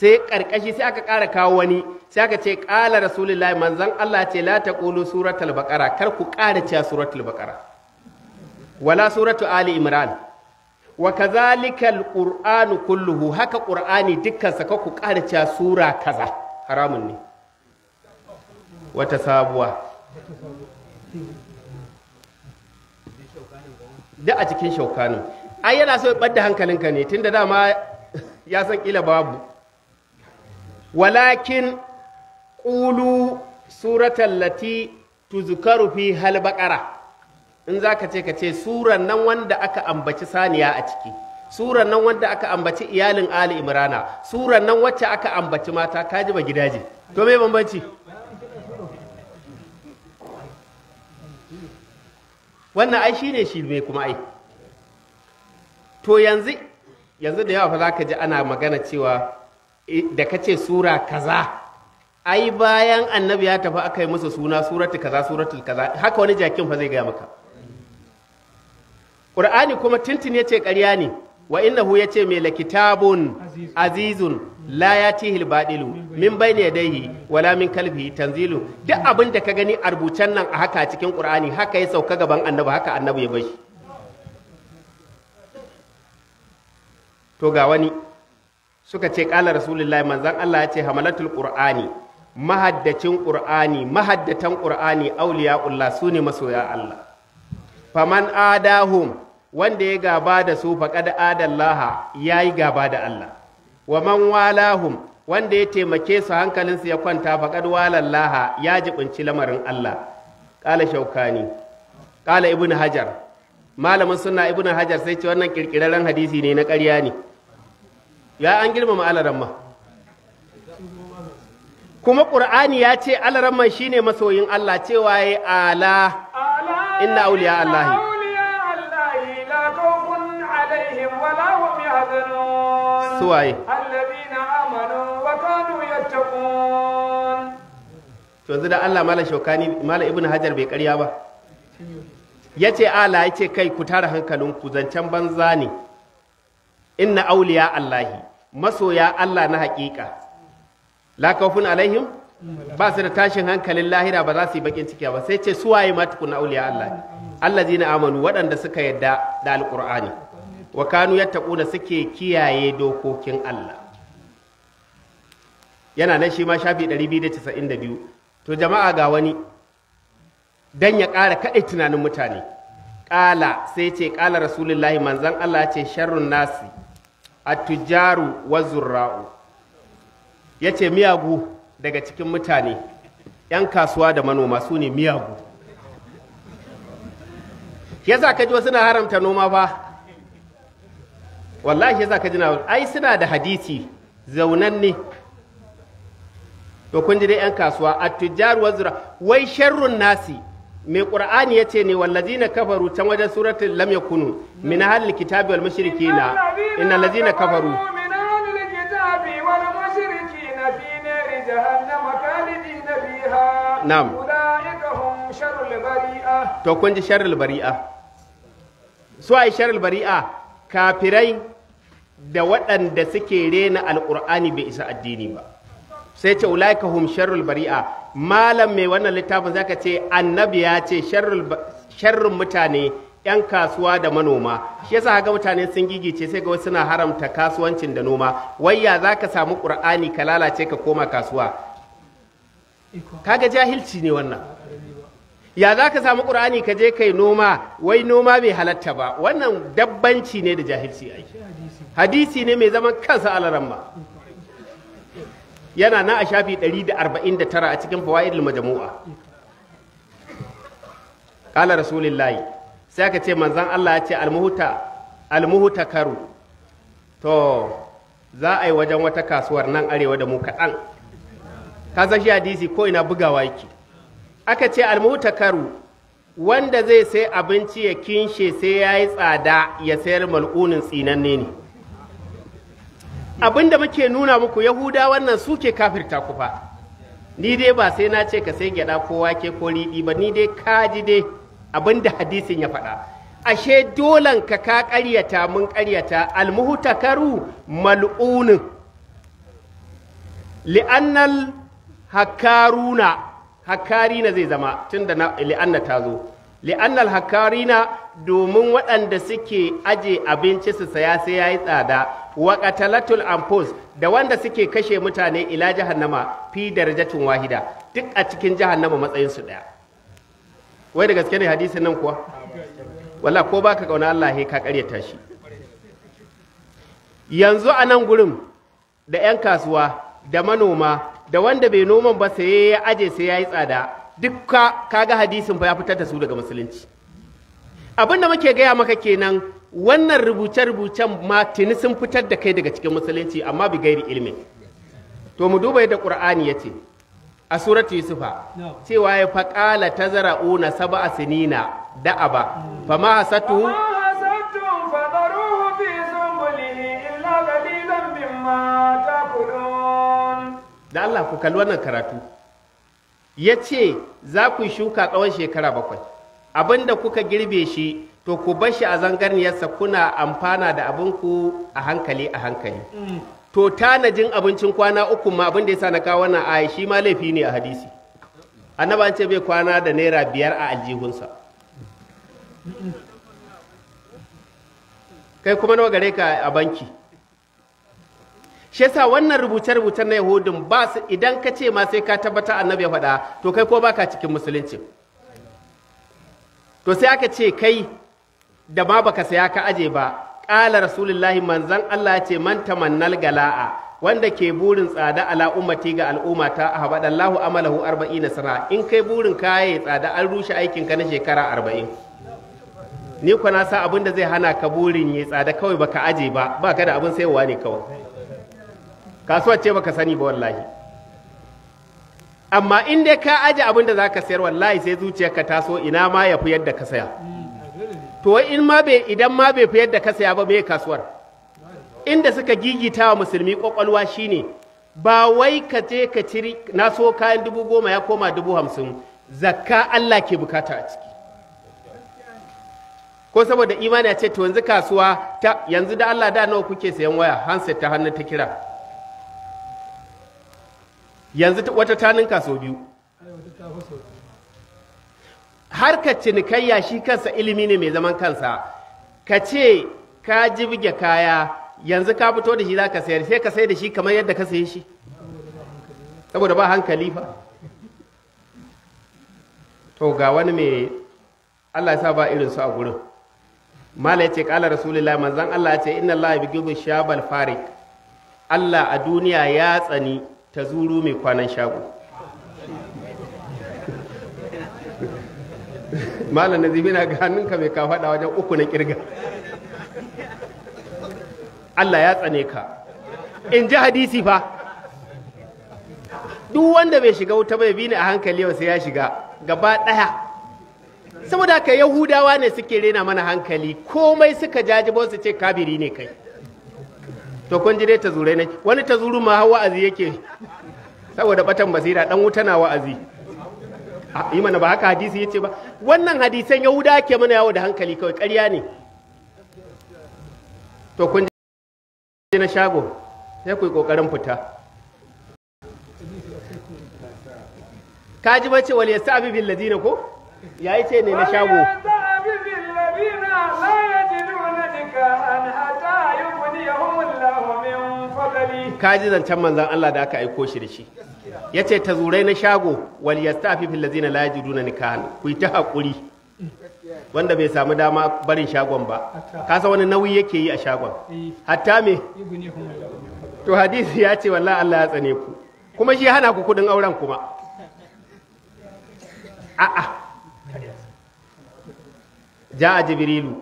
sai ƙarƙashi sai aka ƙara kawo wani sai aka ce ƙala rasulullahi manzan Allah ce la taqulu suratul baƙara kar ku ƙara cewa suratul baƙara wala suratu ali imran wa kadhalika alqur'anu kulluhu haka qur'ani dukkan sa ku ƙara cewa sura kaza haramun ne wata sabuwa da a cikin shaukanin ai yana so ya ɓadda hankalinka ne tunda dama [laughs] ya san kila babu walakin ƙulu suratan lati tuzkaru fi hal in za ka ce ka ce suran nan wanda aka ambaci saniya a ciki suran nan wanda aka ambaci iyalin ali imrana suran nan wacce aka ambaci mata kaji ba gidaje to me bambanci wannan ai shi ne shi mai kuma ai to yanzu yanzu da yawa fa za ka ji ana magana cewa da ka ce sura kaza ai bayan annabi ya tafi aka yi masa suna suratul kaza suratul kaza haka wani jakin fa zai gaya maka qur'ani kuma tintin yace ce ƙarya ne wa innahu ya ce mai lakitabun azizun la ya tihil baɗilu min bai yadayhi dai wala min kalbi tanzilu duk abin da ka gani a rubucen nan a haka cikin ƙur'ani haka ya sauka gaban annabi haka annabi ya bai to ga wani suka ce kala rasulullahi manzan Allah ya ce hamalatul qur'ani mahaddacin qur'ani mahaddatan qur'ani auliya'ullah su ne masoya Allah faman adahum wanda ya gaba da su faqad adallaha yayi gaba da Allah wa man walahum wanda ya taimake su hankalinsu ya kwanta faqad walallaha ya jibinci lamarin Allah ƙala shaukani ƙala ibnu hajar malamin sunna ibnu hajar sai ce wannan kirkiraren hadisi ne na ƙarya ne ya an girmama alaramma kuma ƙur'ani ya ce alaramma shine masoyin Allah cewa ya ala inna auliya Allahi suwaye to yanzu da Allah mala shaukani mala Ibn hajar bai karya ba Ya ce ala yace kai ku tara hankalinku zancen banza ne inna auliya Allahi masoya Allah na haƙiƙa la khawfun alaihim ba su da tashin hankalin lahira ba za su yi bakin ciki ba sai ce suwaye ma tukuna auliya Allah zina amanu waɗanda suka yadda da alqur'ani wa kanu yattaquna suke kiyaye dokokin Allah yana nan shi ma shafi 292 to jama'a ga wani dan ya ƙara kaɗai tunanin mutane ƙala sai ce ƙala rasulullahi manzon Allah ce sharrun nasi attujaru wa zurra'u yace miyagu daga cikin mutane yan kasuwa da manoma su ne miyagu za ka ji wasu na haramta noma ba wallahi za ka ji na ai suna da hadisi zaunan ne to kun ji dai yan kasuwa attujaru wa zurra'u wai sharrun nasi mai qur'ani yace ne wallazina kafaru can wajen suratul lam yakunu min ahlil wal mushrikina innal kafaru Na'am. To kun ji sharrul bari'a. Su ai sharrul bari'a kafirai da waɗanda suke rena alƙur'ani bai isa addini ba. sai ce ulaika hum sharrul bari'a malam mai wannan littafin zaka ce annabi ya ce sharrun mutane yan kasuwa da manoma shi yasa haka mutane sun gigice sai ga wasu suna haramta kasuwancin da noma wayya zaka samu qur'ani ka lalace ka koma kasuwa kaga jahilci ne wannan ya za ka samu ƙur'ani ka je kai noma wai noma bai halatta ba wannan dabbanci ne da jahilci ai hadisi ne mai zaman kansa alaramma ba yana na a shafi 149 a cikin fawaidul majmu'a qala rasulullahi sai aka ce manzon Allah ya ce almuhuta almuhuta karu to za a yi wajen wata kasuwar nan arewa da mu kaɗan ka san shi hadisi ko ina bugawa yake aka ce almuhuta karu wanda zai sai abinci ya kinshe sai ya yi tsada ya sayar mal'unin tsinanne ne abin da muke nuna muku yahuda wannan suke kafirta ku fa ni dai ba sai na ce ka sai gyada ko wake ko riɗi ba ni dai kaji dai abin da hadisin ya faɗa ashe dolan ka ka ƙaryata mun ƙaryata almuhtakaru mal'unin li'annal hakaruna hakarina zai zama tunda na li'anna ta zo li'annal hakarina domin waɗanda suke aje abinci su saya sai yayi tsada wa qatalatul anfus da wanda suke kashe mutane ila jahannama fi darajatun wahida duk a cikin jahannama matsayin su daya wai da gaske ne hadisin nan kuwa walla ko baka kauna Allah he ka karyata shi yanzu a nan gurin da 'yan kasuwa da manoma da wanda bai noman ba sai ya aje sai ya yi tsada duk ka kaga hadisin fa ya fitar da su daga musulunci abinda da muke gaya maka kenan wannan rubuce-rubucen ma tuni sun fitar da kai daga cikin musulunci amma bi gairi ilmi to mu duba yadda qur'ani yace a suratu yusufa cewa ya faqala tazra'una sab'a sinina da'aba fama hasatu da Allah ku kalli wannan karatu ya ce za ku shuka tsawon shekara bakwai abinda kuka girbe shi to ku bar shi a zangarniyarsa kuna amfana da abinku a hankali a hankali mm. to tanajin abincin kwana uku ma abin da ya sa na kawo wannan aya shi ma laifi ne a hadisi annaba an ce bai kwana da naira biyar a aljihunsa kai kuma nawa gare ka a banki shi yasa wannan rubuce-rubucen na yahudun ba su idan ka ce ma sai ka tabbata annabi ya faɗa to kai ko baka cikin musulunci to sai aka ce kai da ma baka saya ka aje ba ƙala rasulullahi manzan Allah ce man tamannal gala'a wanda ke burin tsada ala ummati ga al'umma a habadallahu amalahu 40 sana in kai burin kaya tsada an rushe aikin ka na shekara arba'in ni na sa abin da zai hana ka burin yi tsada kawai baka aje ba baka da abin saiwa ne kawai Kasuwa ce baka sani ba wallahi amma in dai ka aje abin da zaka sayar wallahi sai zuciyarka ta so ina ma ya fi yadda ka saya to in ma bai idan ma bai fi yadda ka saya ba bai kasuwar inda suka gigita wa musulmi kwakwalwa shine ba wai ka je ka ciri na kayan dubu goma ya koma dubu hamsin zakka Allah ke bukata a ciki ko saboda imani ya ce to yanzu kasuwa ta yanzu da Allah da nawa kuke sayan waya handset ta hannu ta kira yanzu wata tanin kaso biyu Har ka cinikayya shi kansa ilimi ne mai zaman kansa ka ce ka ji buge kaya yanzu ka fito da shi za ka sayar sai ka sai da shi kamar yadda ka saye shi saboda ba hankali fa to ga wani mai Allah ya sa ba irinsu a gurin mala ya ce kala rasulullahi manzan Allah ya ce inna Allah yabigu shabal farik Allah a duniya ya tsani ta zuru mai kwanan shago malam na zibina ka hannunka mai ka faɗa wajen uku na kirga Allah ya tsane ka in ji hadisi fa duk wanda bai shiga wuta bai bi ni a hankali yau sai ya shiga gaba ɗaya saboda ka yahudawa ne suke rena mana hankali komai suka jaji su ce kabiri ne kai to kun ji dai ta zure ne wani ta zuru ma har wa'azi yake saboda batan basira dan wuta na wa'azi yi mana ba haka hadisi ya ce ba wannan hadisan yahuda ke mana yawo da hankali kawai ƙarya ne to kun je na shago sai ku yi ƙoƙarin fita ka ji bace wal yasabi bil ladina ko yayi ce ne na shago ka ji zancen manzon Allah da aka aiko shi da shi ya ce ta zurai na shago wal yastafifil lazina la yajiduna nikahan ku yi ta haƙuri wanda bai samu dama barin shagon ba kasa wani nauyi yake yi a shagon hatta me to hadisi ya ce wallahi Allah ya tsane ku kuma shi hana ku kudin auren kuma a'a a jibrilu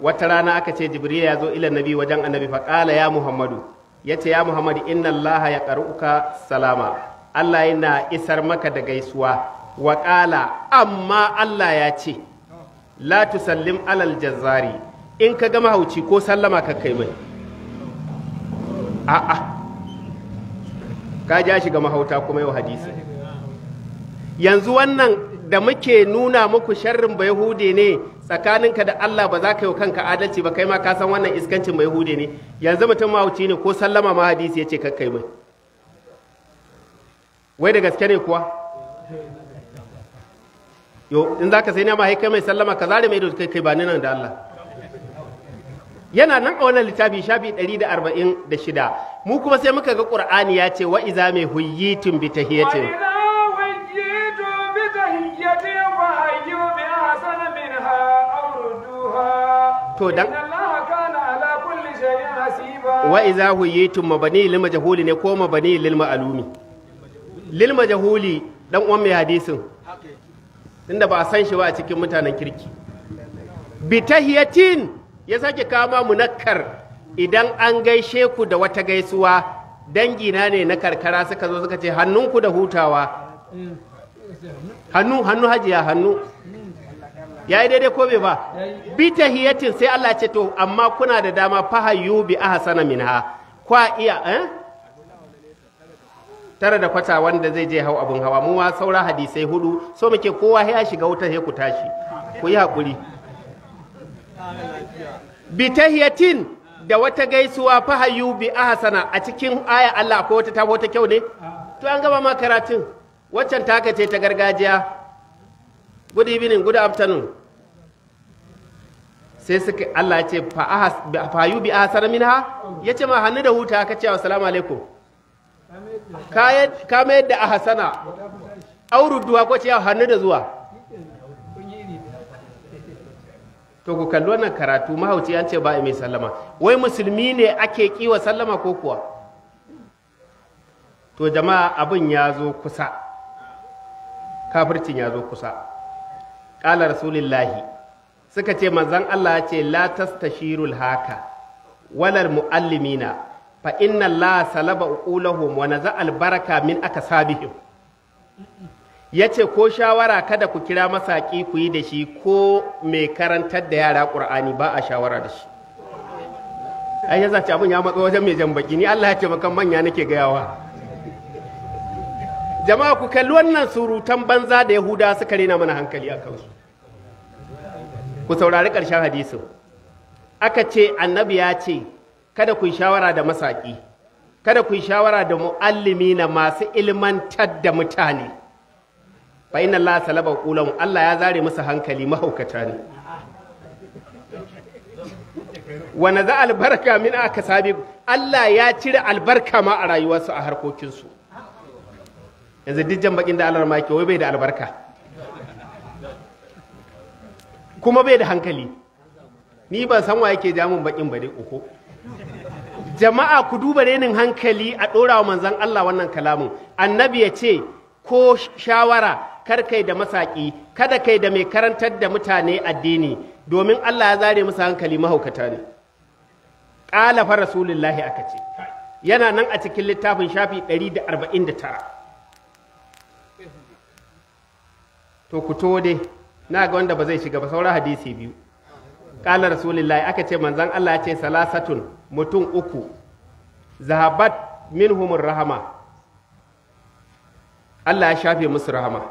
wata rana aka ce jibril ya zo ila nabi wajen annabi fa ya muhammadu Ya ce ya muhammadu inna allaha ya ƙar'uka salama Allah yana isar maka da gaisuwa wa ƙala amma Allah ya ce la tusallim alal jazzari in ka ga mahauci ko sallama ka kai mai a'a ka ja shi ga mahauta kuma yau hadisi yanzu wannan da muke nuna muku sharrin bai hude ne tsakaninka da Allah ba za ka yi kanka adalci ba kai ma ka san wannan iskancin bai hude ne yanzu mutum mahauci ne ko sallama ma hadisi ya ce kakkai mai wai da gaske ne kuwa yo in ka sai nema haika kai mai sallama ka zare mai da kai kai ba nan da Allah yana nan a wannan littafi shafi 146 mu kuma sai muka ga qur'ani ya ce wa iza mai huyyitum bi tahiyatin to dan wa iza huyyitum mabani lil majhuli ne ko mabani lil ma'lumi lil jahuli dan uwan mai hadisin tunda ba a san shi ba a cikin mutanen kirki bitahiyatin ya sake kama munakkar idan an gaishe ku da wata gaisuwa dangi na ne na karkara suka zo suka ce hannunku da hutawa hannu hannu hajiya hannu ya yi daidai ko bai ba bitahiyatin sai Allah ce to amma kuna da dama fahayu bi ahsana minha kwa iya eh tara da kwata wanda zai je hau abin hawa mu ma saura hadisai hudu so muke kowa ya shiga wutar ya ku tashi ku yi hakuri bitahiyatin da wata gaisuwa fahayu bi ahsana a cikin aya Allah ko wata tabo ta kyau ne to an gaba ma karatun waccan taka ce ta gargajiya good evening good afternoon sai suka Allah ce fa ahas bi ahsana minha yace ma hannu da huta ka ce assalamu alaikum ka mayar da ahasana duwa ko ce hannu da zuwa to ku kalli wannan karatu mahauci an ce ba mai sallama wai musulmi ne ake kiwa sallama ko kuwa to jama'a abin ya zo kusa kafircin ya zo kusa ƙala rasulillahi suka ce manzan Allah ya ce la tastashirul haka walar mu'allimina fa inna la salaba uqulahum wa naza baraka min akasabihim yace ko shawara kada ku kira masaki ku yi da shi ko mai karantar da yara Qur'ani ba a shawara da shi ai ya zace abun ya matso wajen mai jan ni Allah ya ce makan manya nake gayawa jama'a ku kalli wannan surutan banza da Yahuda suka rena mana hankali a su ku saurari karshen hadisin aka ce annabi ya ce kada ku yi shawara da masaki kada ku yi shawara da mu'allimi na masu ilmantar da mutane fa inna Allah salaba qulahum Allah ya zare musu hankali mahaukata ne wa naza albarka min akasabi Allah ya cire albarka ma a rayuwarsu a harkokinsu yanzu jan bakin da Allah ma ke wai bai da albarka kuma bai da hankali ni ban san wa yake jamun bakin ba dai uku jama'a ku duba renin hankali a ɗora wa manzan Allah wannan kalamin annabi ya ce ko shawara kar kai da masaki kada kai da mai karantar da mutane addini domin Allah ya zare musu hankali mahaukata ne ƙala rasulullahi aka ce yana nan a cikin littafin shafi 149 to ku to dai na ga wanda ba zai shiga ba saura hadisi biyu ƙalar rasulullahi aka ce manzan Allah ya ce salasatun mutum uku zahabat minhumur rahama Allah ya shafe musu rahama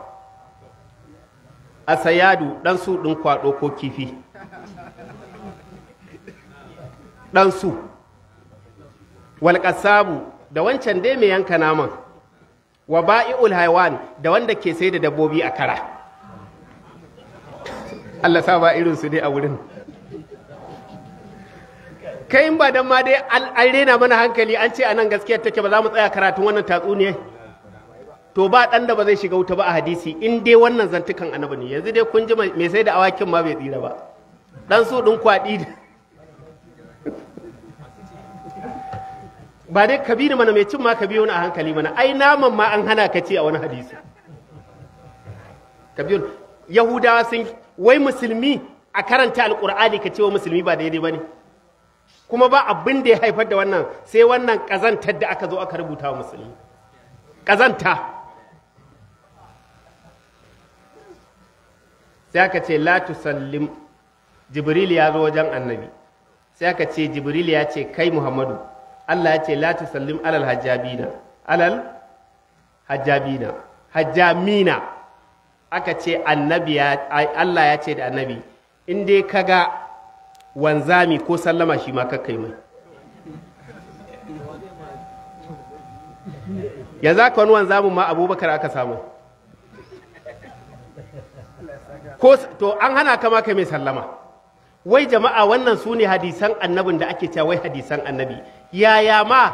asayadu dan su ɗin kwaɗo ko kifi ɗan su walƙasabu da wancan dai mai yanka naman wa ba'i'ul haiwan da wanda ke sai da dabbobi a kara Allah sa ba irinsu dai a wurin kai ba dan ma dai an rena mana hankali an ce anan gaskiyar take ba za mu tsaya karatun wannan tatsuniyar to ba dan da ba zai shiga wuta ba a hadisi in dai wannan zantukan annabi ne yanzu dai kun ji mai sai da awakin ma bai tsira ba dan su din kwadi ba dai kabiru mana mai cin ma ka biyo a hankali mana ai naman ma an hana ka ce a wani hadisi kabiru yahudawa sun wai musulmi a karanta alqur'ani ka ce wa musulmi ba daidai ba ne. kuma ba abin da ya haifar da wannan sai wannan ƙazantar da aka zo aka rubuta wa musulmi ƙazanta sai aka ce latu tusallim jibril ya zo wajen annabi sai aka ce jibril ya ce kai muhammadu allah ya ce latu tusallim alal hajjabina alal hajjabina hajjamina aka ce annabi allah ya ce da annabi in dai ka ga wanzami ko sallama shi ma yi mai ya za ka wani wanzamin ma abubakar aka samu to an hana ka ma kai mai sallama wai jama'a wannan su ne hadisan annabin da ake cewa wai hadisan annabi yaya ma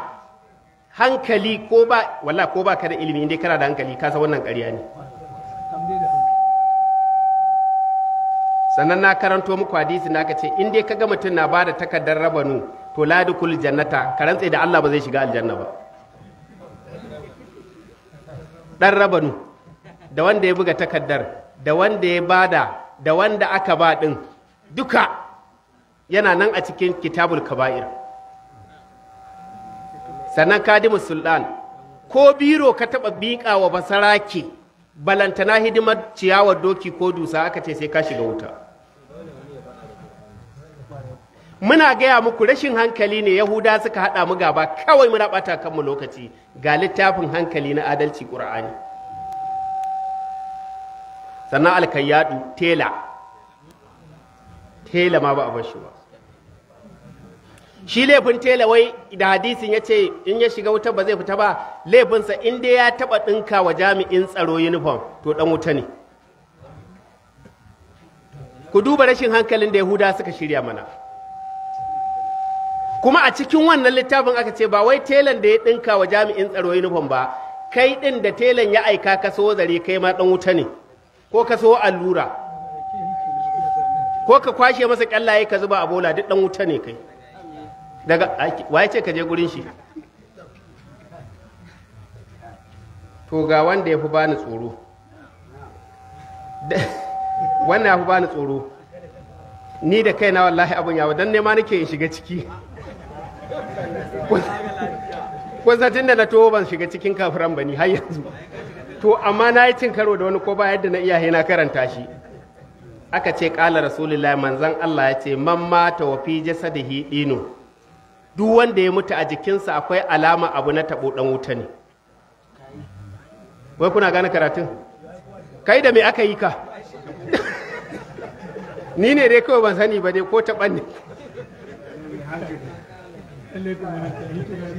hankali ko ba wala ko ba ka da ilimi inda kana da hankali ka san wannan ƙarya ne sannan na karanto muku hadisi na ka ce in dai ka ga mutum na bada takardar rabanu to ladu kul jannata karantsai da Allah ba zai shiga aljanna ba dan rabanu da wanda ya buga takardar da wanda ya bada da wanda aka ba din duka yana nan a cikin kitabul kaba'ir sannan kadimu sultan ko biro ka taba bika wa basarake balantana hidimar ciyawar doki ko dusa aka ce sai ka shiga wuta muna gaya muku rashin hankali ne yahuda suka haɗa mu gaba kawai muna ɓata kanmu lokaci ga littafin hankali na adalci ƙur'ani sannan alkayyadu tela tela ma ba a bar shi ba shi laifin tela wai da hadisin ya ce in ya shiga wuta ba zai fita ba laifinsa in dai ya taba ɗinka wa jami'in tsaro uniform to ɗan wuta ne ku duba rashin hankalin da yahuda suka shirya mana kuma a cikin wannan littafin aka ce ba wai telan da ya ɗinka wa jami'in tsaro yunifon ba kai ɗin da telan ya aika ka so zare kai ma ɗan wuta ne ko ka so allura ko ka kwashe masa ƙyallaye ka zuba a bola duk ɗan wuta ne kai daga waye ce ka je gurin shi to ga wanda ya fi bani tsoro wannan ya fi bani tsoro ni da kaina wallahi abun yawa don nema nake in shiga ciki ko satin da na to ban shiga cikin kafiran bani har yanzu to amma na yi cin karo da wani ko ba yadda na iyaye na karanta shi aka ce kala rasulullahi manzan Allah ya ce man mata wa fi jasadihi dinu duk wanda ya mutu a jikinsa akwai alama abu na tabo dan wuta ne wai kuna gane karatun kai da me aka yi ka [laughs] ni ne dai kawai ban sani ba dai ko taɓa ne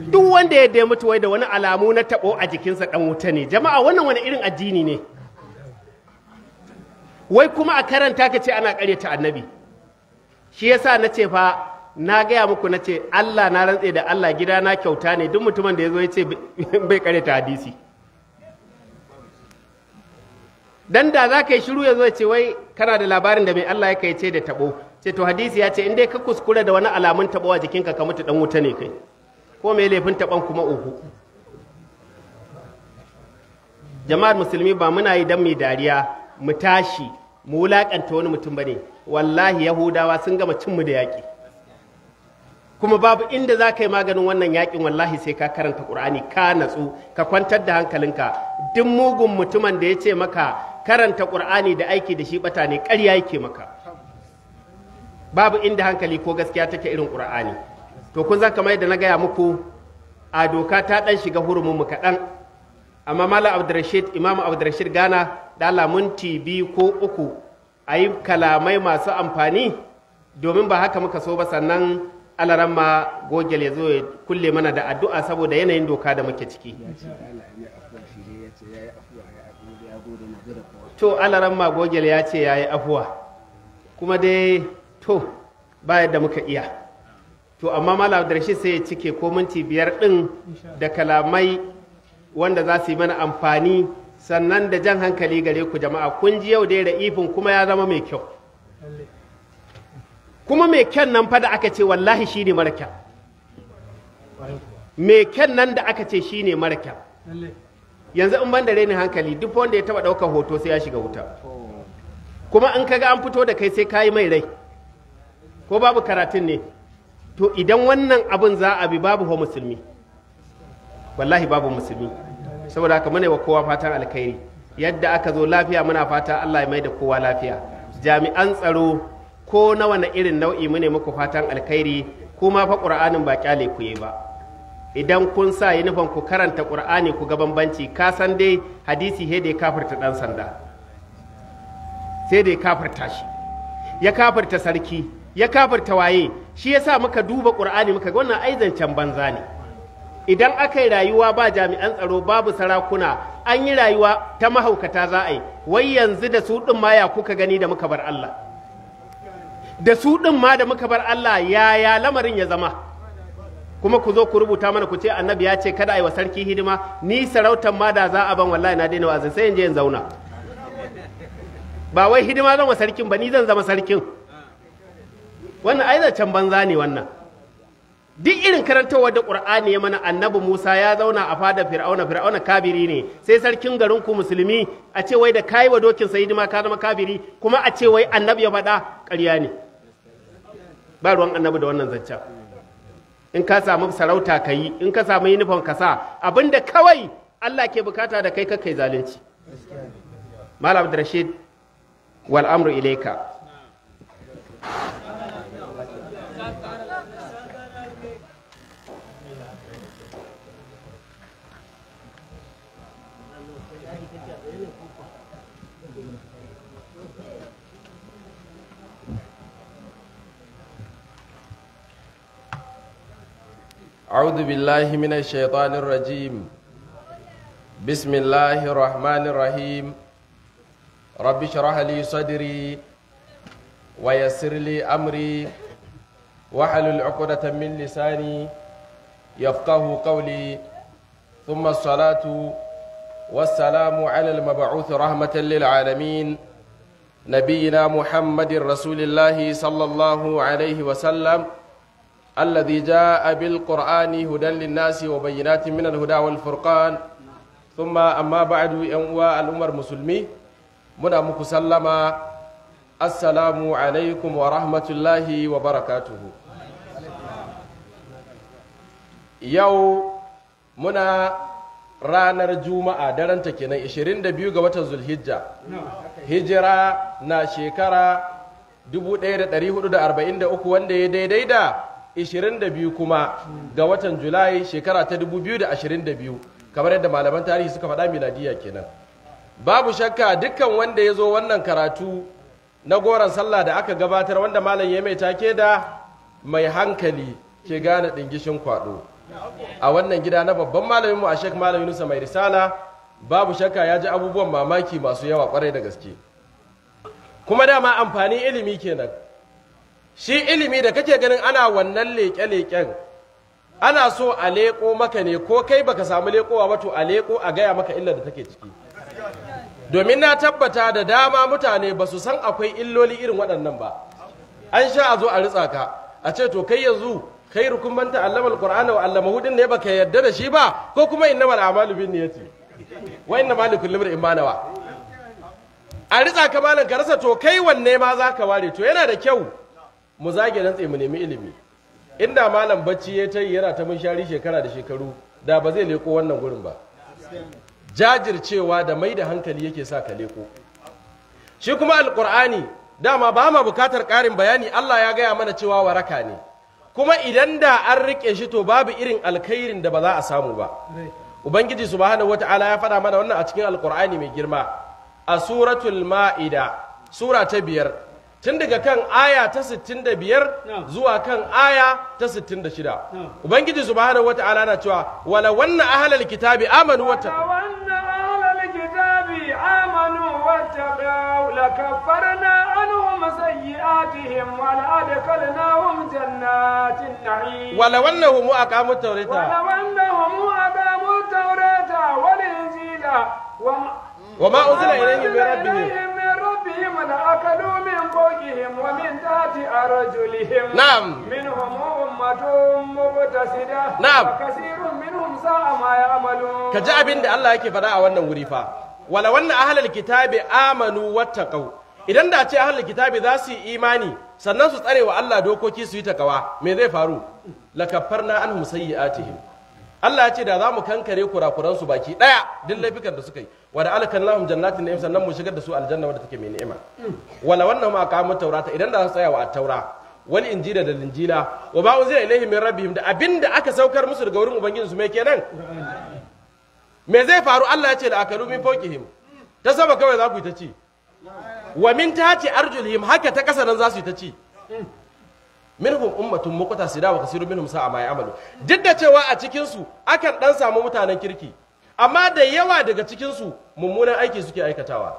duk wanda ya dai mutuwai da wani alamu na taɓo a jikinsa dan wuta ne jama'a wannan wani irin addini ne wai kuma a karanta ka ce ana karyata annabi shi yasa na ce fa na gaya muku na ce Allah na rantse da Allah gida na kyauta ne duk mutumin da ya zo ya ce bai karyata [laughs] hadisi dan da za ka yi shiru ya zo ya ce wai kana da labarin da mai Allah ya kai ce da taɓo. ce to hadisi ya ce in dai ka kuskura da wani alamun tabawa jikinka ka mutu dan wuta ne kai ko mai laifin taban kuma uku jama'ar musulmi ba muna yi dan mai dariya mu tashi mu wulakanta wani mutum bane wallahi yahudawa sun gama cin mu da yaƙi kuma babu inda za ka yi maganin wannan yakin wallahi sai ka karanta ƙur'ani ka natsu ka kwantar da hankalinka duk mugun mutumin da ya ce maka karanta ƙur'ani da aiki da shi bata ne ƙarya yake maka babu inda hankali ko gaskiya take irin ƙur'ani to kun zaka kamar yadda na gaya muku a doka ta ɗan shiga hurumin mu kaɗan amma mala abdurrashid imamu abdurrashid gana da Allah biyu ko uku a yi kalamai masu amfani domin ba haka muka so ba sannan alaramma gogel ya zo ya kulle mana da addu'a saboda yanayin doka da muke ciki to alaramma gogel ya ce ya yi afuwa kuma dai to ba yadda muka iya to amma da abdurrashid sai ya cike ko minti biyar ɗin da kalamai wanda za su yi mana amfani sannan da jan hankali gare ku jama'a kun ji yau dai da ifin kuma ya zama mai kyau kuma mai kyan nan fa da aka ce wallahi shi ne mara kyan mai kyan nan da aka ce shi ne mara kyan yanzu in ban da rainin hankali duk wanda ya taba ɗaukar hoto sai ya shiga wuta oh. kuma in ka ga an fito da kai sai ka yi mai rai ko babu karatun ne to idan wannan abin za a bi babu ho musulmi wallahi babu musulmi saboda haka muna wa kowa fatan alkhairi yadda aka zo lafiya muna fata Allah ya mai da kowa lafiya jami'an tsaro ko na wani irin nau'i mune muku fatan alkhairi kuma fa qur'anin ba kyale ku yi ba idan kun sa yinifom ku karanta qur'ani ku ga bambanci ka san dai hadisi he dai kafirta dan sanda sai dai kafirta shi ya kafirta sarki ya kafarta waye shi yasa muka duba qur'ani muka ga wannan aizancen banza ne idan aka yi rayuwa ba jami'an tsaro babu sarakuna an yi rayuwa ta mahaukata za a yi wai yanzu da su ɗin ma ya kuka gani da muka bar Allah da su ɗin ma da muka bar Allah ya ya lamarin ya zama kuma ku zo ku rubuta mana ku ce annabi ya ce kada a yi wa sarki hidima ni sarautar ma da za a ban wallahi na daina wa'azin sai in je in zauna ba wai hidima zan wa sarkin ba ni zan zama sarkin wannan ai zancen banza ne wannan duk irin karantarwar da ƙur'ani ya mana annabi musa ya zauna a fada fir'auna fir'auna kabiri ne sai sarkin garin ku musulmi a ce wai da kayi wa dokin sayidima ka zama kabiri kuma a ce wai annabi ya faɗa ƙarya ne ba ruwan annabi da wannan zancen in ka samu sarauta ka yi in ka samu yunifon ka sa abinda kawai Allah ke bukata da kai kakai zalunci malam Abdurrashid wal amru ilaika أعوذ بالله من الشيطان الرجيم بسم الله الرحمن الرحيم رب اشرح لي صدري ويسر لي أمري واحلل عقدة من لساني يفقه قولي ثم الصلاة والسلام على المبعوث رحمة للعالمين نبينا محمد رسول الله صلى الله عليه وسلم الذي جاء بالقرآن هدى للناس وبينات من الهدى والفرقان ثم أما بعد أنواع الأمر مسلمي منا مكسلما السلام عليكم ورحمة الله وبركاته يو منا ranar juma'a daren ta kenan 22 ga watan zulhijja hijira na shekara 1443 wanda ya daidai da 22 kuma ga watan Julai shekara ta 2022 kamar yadda malaman tarihi suka faɗa miladiya kenan babu shakka dukkan wanda ya zo wannan karatu na goron sallah da aka gabatar wanda malam ya mai take da mai hankali ke gane ɗingishin kwaɗo a wannan gida na babban malaminmu a shek malam yunusa mai risala babu shakka ya ji abubuwan mamaki masu yawa kwarai da gaske kuma dama amfani ilimi kenan shi ilimi da kake ganin ana wannan leƙe-leƙen ana so a leƙo maka ne ko kai baka samu leƙowa ba to a leƙo a gaya maka illar da take ciki domin na tabbata da dama mutane ba su san akwai illoli irin waɗannan ba an sha a zo a ritsa ka a ce to kai yanzu kai man allamar alqur'ana wa allama din ne baka yarda da shi ba ko kuma innamal a'malu binniyati wa innamal likulli imrin ma imanawa? a ritsa ka malan ka rasa to kai wanne ma zaka ware to yana da kyau mu zage nan tsaye mu nemi ilimi inda malam bacci ya ta yi yana ta shari shekara da shekaru da ba zai leko wannan gurin ba jajircewa da mai da hankali yake sa ka leko shi kuma alkur'ani dama ba ma bukatar ƙarin bayani Allah ya gaya mana cewa waraka ne kuma idan da an rike shi to babu irin alkhairin da ba za a samu ba ubangiji subhanahu wata'ala ya faɗa mana wannan a cikin alkur'ani mai girma a suratul ma'ida sura ta biyar tun daga kan aya ta 65 zuwa kan aya ta 66 ubangiji subhanahu wata'ala na cewa wala wannan ahlal kitabi amanu wata wannan ahlal kitabi amanu wattaqu lakaffarna anhum sayyi'atihim wa la'adkalnahum jannatin na'im wala wannahum aqamut tawrata wala wannahum aqamut tawrata wal فيهم أكلوا من فوقهم ومن تحت أرجلهم نعم منهم أمة مقتصدة نعم وكثير منهم ساء ما يعملون كجاب عند الله يكي فداء وانا وريفا ولو أن أهل الكتاب آمنوا واتقوا idan da ce ahlul kitabi za su yi imani sannan su tsare wa Allah dokoki su yi takawa me zai faru lakaffarna anhum sayyi'atihim Allah ya ce da za mu kankare kurakuran su baki ɗaya duk laifukan da suka yi wa da alkanahum jannatin na'im sannan mu shigar da su aljanna wadda take mai ni'ima wala wannan ma aqamu taurata idan da su tsaya wa taura Wani injila da linjila wa ba unzila ilaihim min rabbihim da abinda aka saukar musu daga wurin ubangijin su me kenan me zai faru Allah ya ce da akalu min fawqihim ta sama kawai za ku yi ta ci wa min tahti arjulihim haka ta kasa nan za su yi ta ci minhum ummatun muqtasida wa kasirun minhum sa'a ma ya'malu duk da cewa a cikin su akan dan samu mutanen kirki amma da yawa daga cikin su mummunan aiki suke aikatawa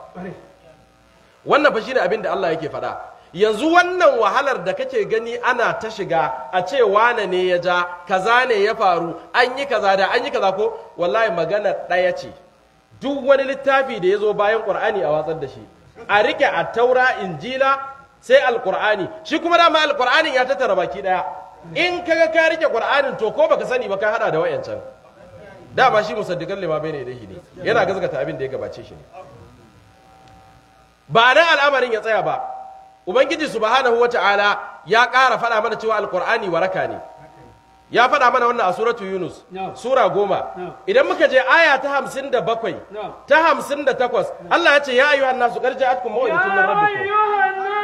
wannan fa shine abin da Allah yake faɗa yanzu wannan wahalar da kake gani ana ta shiga a ce wane ne ya ja kaza ne ya faru an yi kaza da an yi kaza ko wallahi magana ɗaya ce duk wani littafi da ya zo bayan ƙur'ani a watsar da shi a rike a taura injila sai alkur'ani shi kuma dama alkur'anin ya tattara baki daya in kaga ka rike qur'anin to ko baka sani ba ka hada da wayancan dama shi musaddiqan lima bayna yadayhi ne yana gazgata abin da ya gabace shi ne ba nan al'amarin ya tsaya ba ubangiji subhanahu wata'ala ya ƙara faɗa mana cewa alkur'ani waraka ne ya faɗa mana wannan a suratu yunus sura goma idan muka je aya ta hamsin da bakwai ta hamsin da takwas allah ya ce ya ayyuhan nasu ƙarji atkum mawa'idatun rabbikum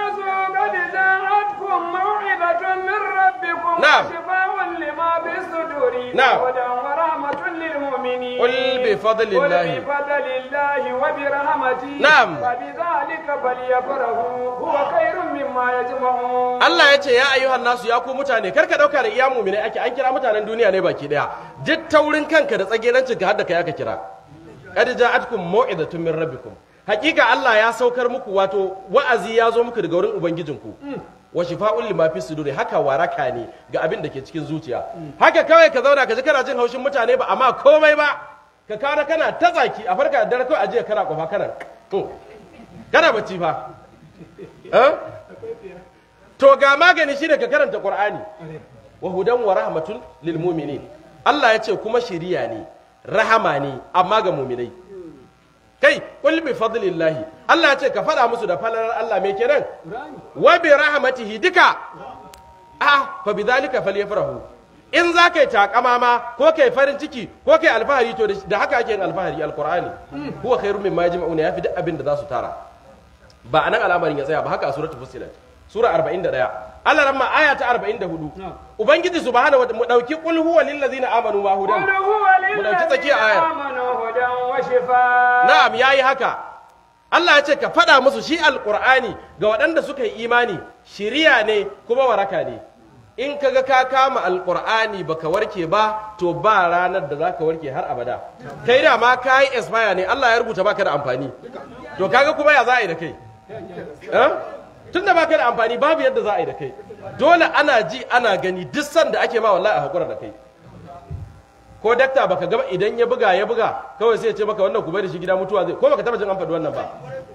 لقد جاءتكم موعظة من ربكم نعم شفاء لما في الصدور نعم وهدى ورحمة للمؤمنين قل بفضل الله قل بفضل الله وبرحمته نعم فبذلك فليفرحوا هو خير مما يجمعون الله يتي يا أيها الناس يا كو متاني كركا دوكا ريا مؤمنين أكي أنكرا متانا دنيا ne baki daya duk taurin kanka da tsagelancin ka har da kai aka kira kad ja'atkum mau'izatun min rabbikum hakika Allah ya saukar muku wato wa'azi ya zo muku daga wurin ubangijinku wa shifa'un lima fi suduri haka waraka ne ga abin da ke cikin zuciya haka kawai ka zauna ka ji kana jin haushin mutane ba amma komai ba ka kana kana ta zaki a farka da kawai ajiya kana kofa kana to kana bacci fa eh? to ga magani shi ne ka karanta qur'ani wa hudan wa rahmatun lil mu'minin Allah ya ce kuma shiriya ne rahama ne amma ga mu'minai kai kul bi fadlillahi Allah ce ka faɗa musu da falalar Allah me kiran wa bi rahmatihi duka a ah, fa bidhalika falyafrahu in za ka yi takama ma ko kai farin ciki ko kai alfahari to da haka ake yin alfahari alqur'ani huwa khairun mimma ya fi duk abin da za su tara ba anan al'amarin ya tsaya ba haka a suratul fusilat sura 41 Allah ramma aya ta 44 ubangiji subhanahu wa ta'ala mu dauki qul huwa lil ladzina amanu wa hudan mu dauki tsakiya ayar na'am yayi yi haka Allah ya ce ka faɗa musu shi alƙur'ani ga waɗanda suka yi imani shiriya ne kuma waraka ne in ka ga ka kama alƙur'ani baka warke ba to ba ranar da zaka warke har abada kai da ma ka yi expire ne Allah ya rubuta baka da amfani to kaga kuma ya za a yi da kai eh? tun da baka da amfani babu yadda za a yi da kai dole ana ji ana gani duk sanda ake ma wallahi a hakura da kai ko dakta baka gaba idan ya buga ya buga kawai sai ya ce maka wannan ku bai da shi gida mutuwa zai ko baka taba jin an faɗi wannan ba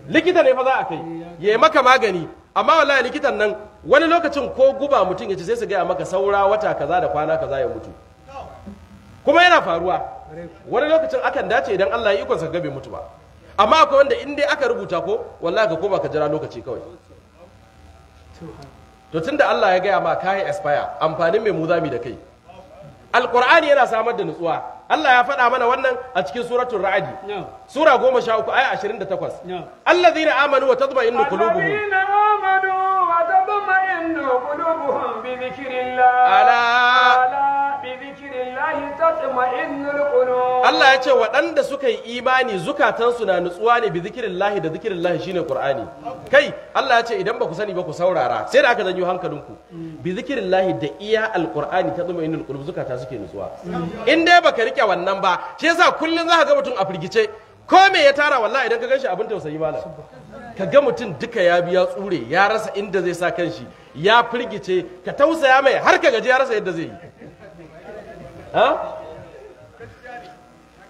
likita ne fa za a kai ya yi maka magani amma wallahi likitan nan wani lokacin ko guba mutum ya ce sai su gaya maka saura wata kaza da kwana kaza ya mutu kuma yana faruwa wani lokacin akan dace idan Allah ya ikonsa gabe mutu ba amma akwai wanda in dai aka rubuta ko wallahi ka koma ka jira lokaci kawai to tunda Allah ya gaya ma kai expire amfani mai mu da kai alqur'ani yana samar da nutsuwa Allah ya faɗa mana wannan a cikin suratul ra'adi sura goma 13 aya ashirin da takwas. 28 allazina amanu wa tatma'innu qulubuhum allazina amanu wa tatma'innu qulubuhum bi dhikrillah ala Allah ya ce waɗanda suka yi imani zukatansu na nutsuwa ne bi zikirin lahi da zikirin lahi ne Qur'ani kai Allah ya ce idan ba ku sani ba ku saurara sai da aka janyo hankalinku bi zikirin lahi da iya alqur'ani ta tsuma innul qulub zukata suke nutsuwa in dai baka rike wannan ba shi yasa kullun ka ga mutum a firgice ko me ya tara wallahi idan ka ganshi abin tausayi malam ka ga mutum duka ya biya tsure ya rasa inda zai sa kanshi ya firgice ka tausaya mai har ka gaji ya rasa yadda zai yi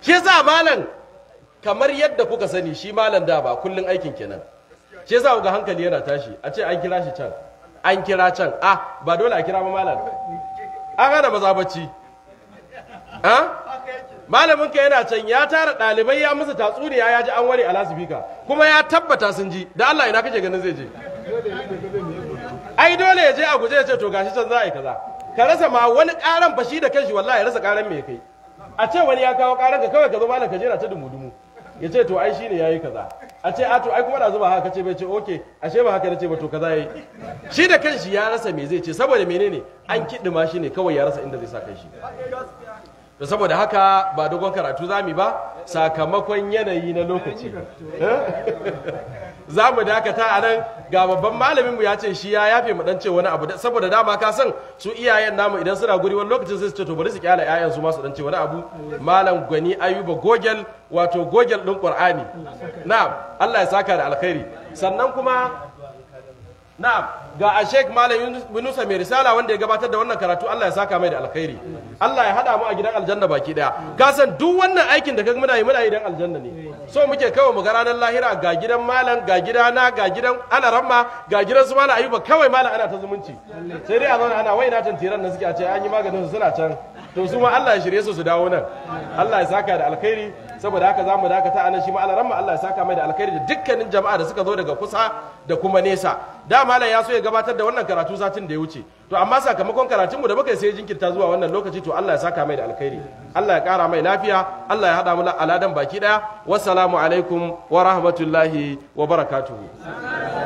shi yasa malam kamar yadda kuka sani shi malam da ba kullun aikin kenan shi yasa ga hankali yana tashi a ce an kira shi can an kira can ah ba dole a kira ba malam an hana maza bacci malamin ka yana can ya tara ɗalibai ya musu tatsuniya ya ji an ware a lasifika kuma ya tabbata sun ji da Allah ina kake ganin zai je ai dole ya je a guje ya ce to gashi can za a yi kaza ka rasa ma wani karan fashi da kanshi wallahi ya rasa karan me kai a ce wani ya kawo karan ka kawai ka zo malam ka jira ta dumu dumu ya ce to ai shine yayi kaza a ce a to ai kuma da zuba haka ce bai ce okay ashe ba haka nace ba to kaza yayi shi da kanshi ya rasa me zai ce saboda menene an kidima shi ne kawai ya rasa inda zai sa kanshi to saboda haka ba dogon karatu zami ba sakamakon yanayi na lokaci za mu dakata a nan ga babban malaminmu ya ce shi ya yafe mu dan ce wani abu saboda dama ka san su iyayen namu idan suna guri wani lokacin sai su ce to bari su kyala ƴaƴan su ma su wani abu malam gwani ayuba gogel wato gogel ɗin qur'ani na'am Allah ya saka da alkhairi sannan kuma na'am ga a sheik malam yunusa mai risala wanda ya gabatar da wannan karatu Allah ya saka mai da alkhairi Allah ya hada mu a gidan aljanna baki daya ka san duk wannan aikin da ka muna yi muna yi dan aljanna ne so muke kawo mu ga ranar lahira ga gidan malam ga gidana ga gidan ramma, ga gidan su malam ayuba kawai malam ana ta zumunci sai dai a zauna ana waina tan tiran nan suke a ce an yi maganin su suna can to su Allah ya shirye su su dawo nan Allah ya saka da alkhairi saboda haka zamu dakata anan shi ma alaramma Allah ya saka mai da alkhairi da dukkanin jama'a da suka zo daga kusa da kuma nesa da malam ya so ya gabatar da wannan karatu satin da ya wuce to amma sakamakon karatun mu da muka sai jinkirta zuwa wannan lokaci to Allah ya saka mai da alkhairi Allah ya kara mai lafiya Allah ya hada mu aladan baki daya wassalamu alaikum wa rahmatullahi wa barakatuhu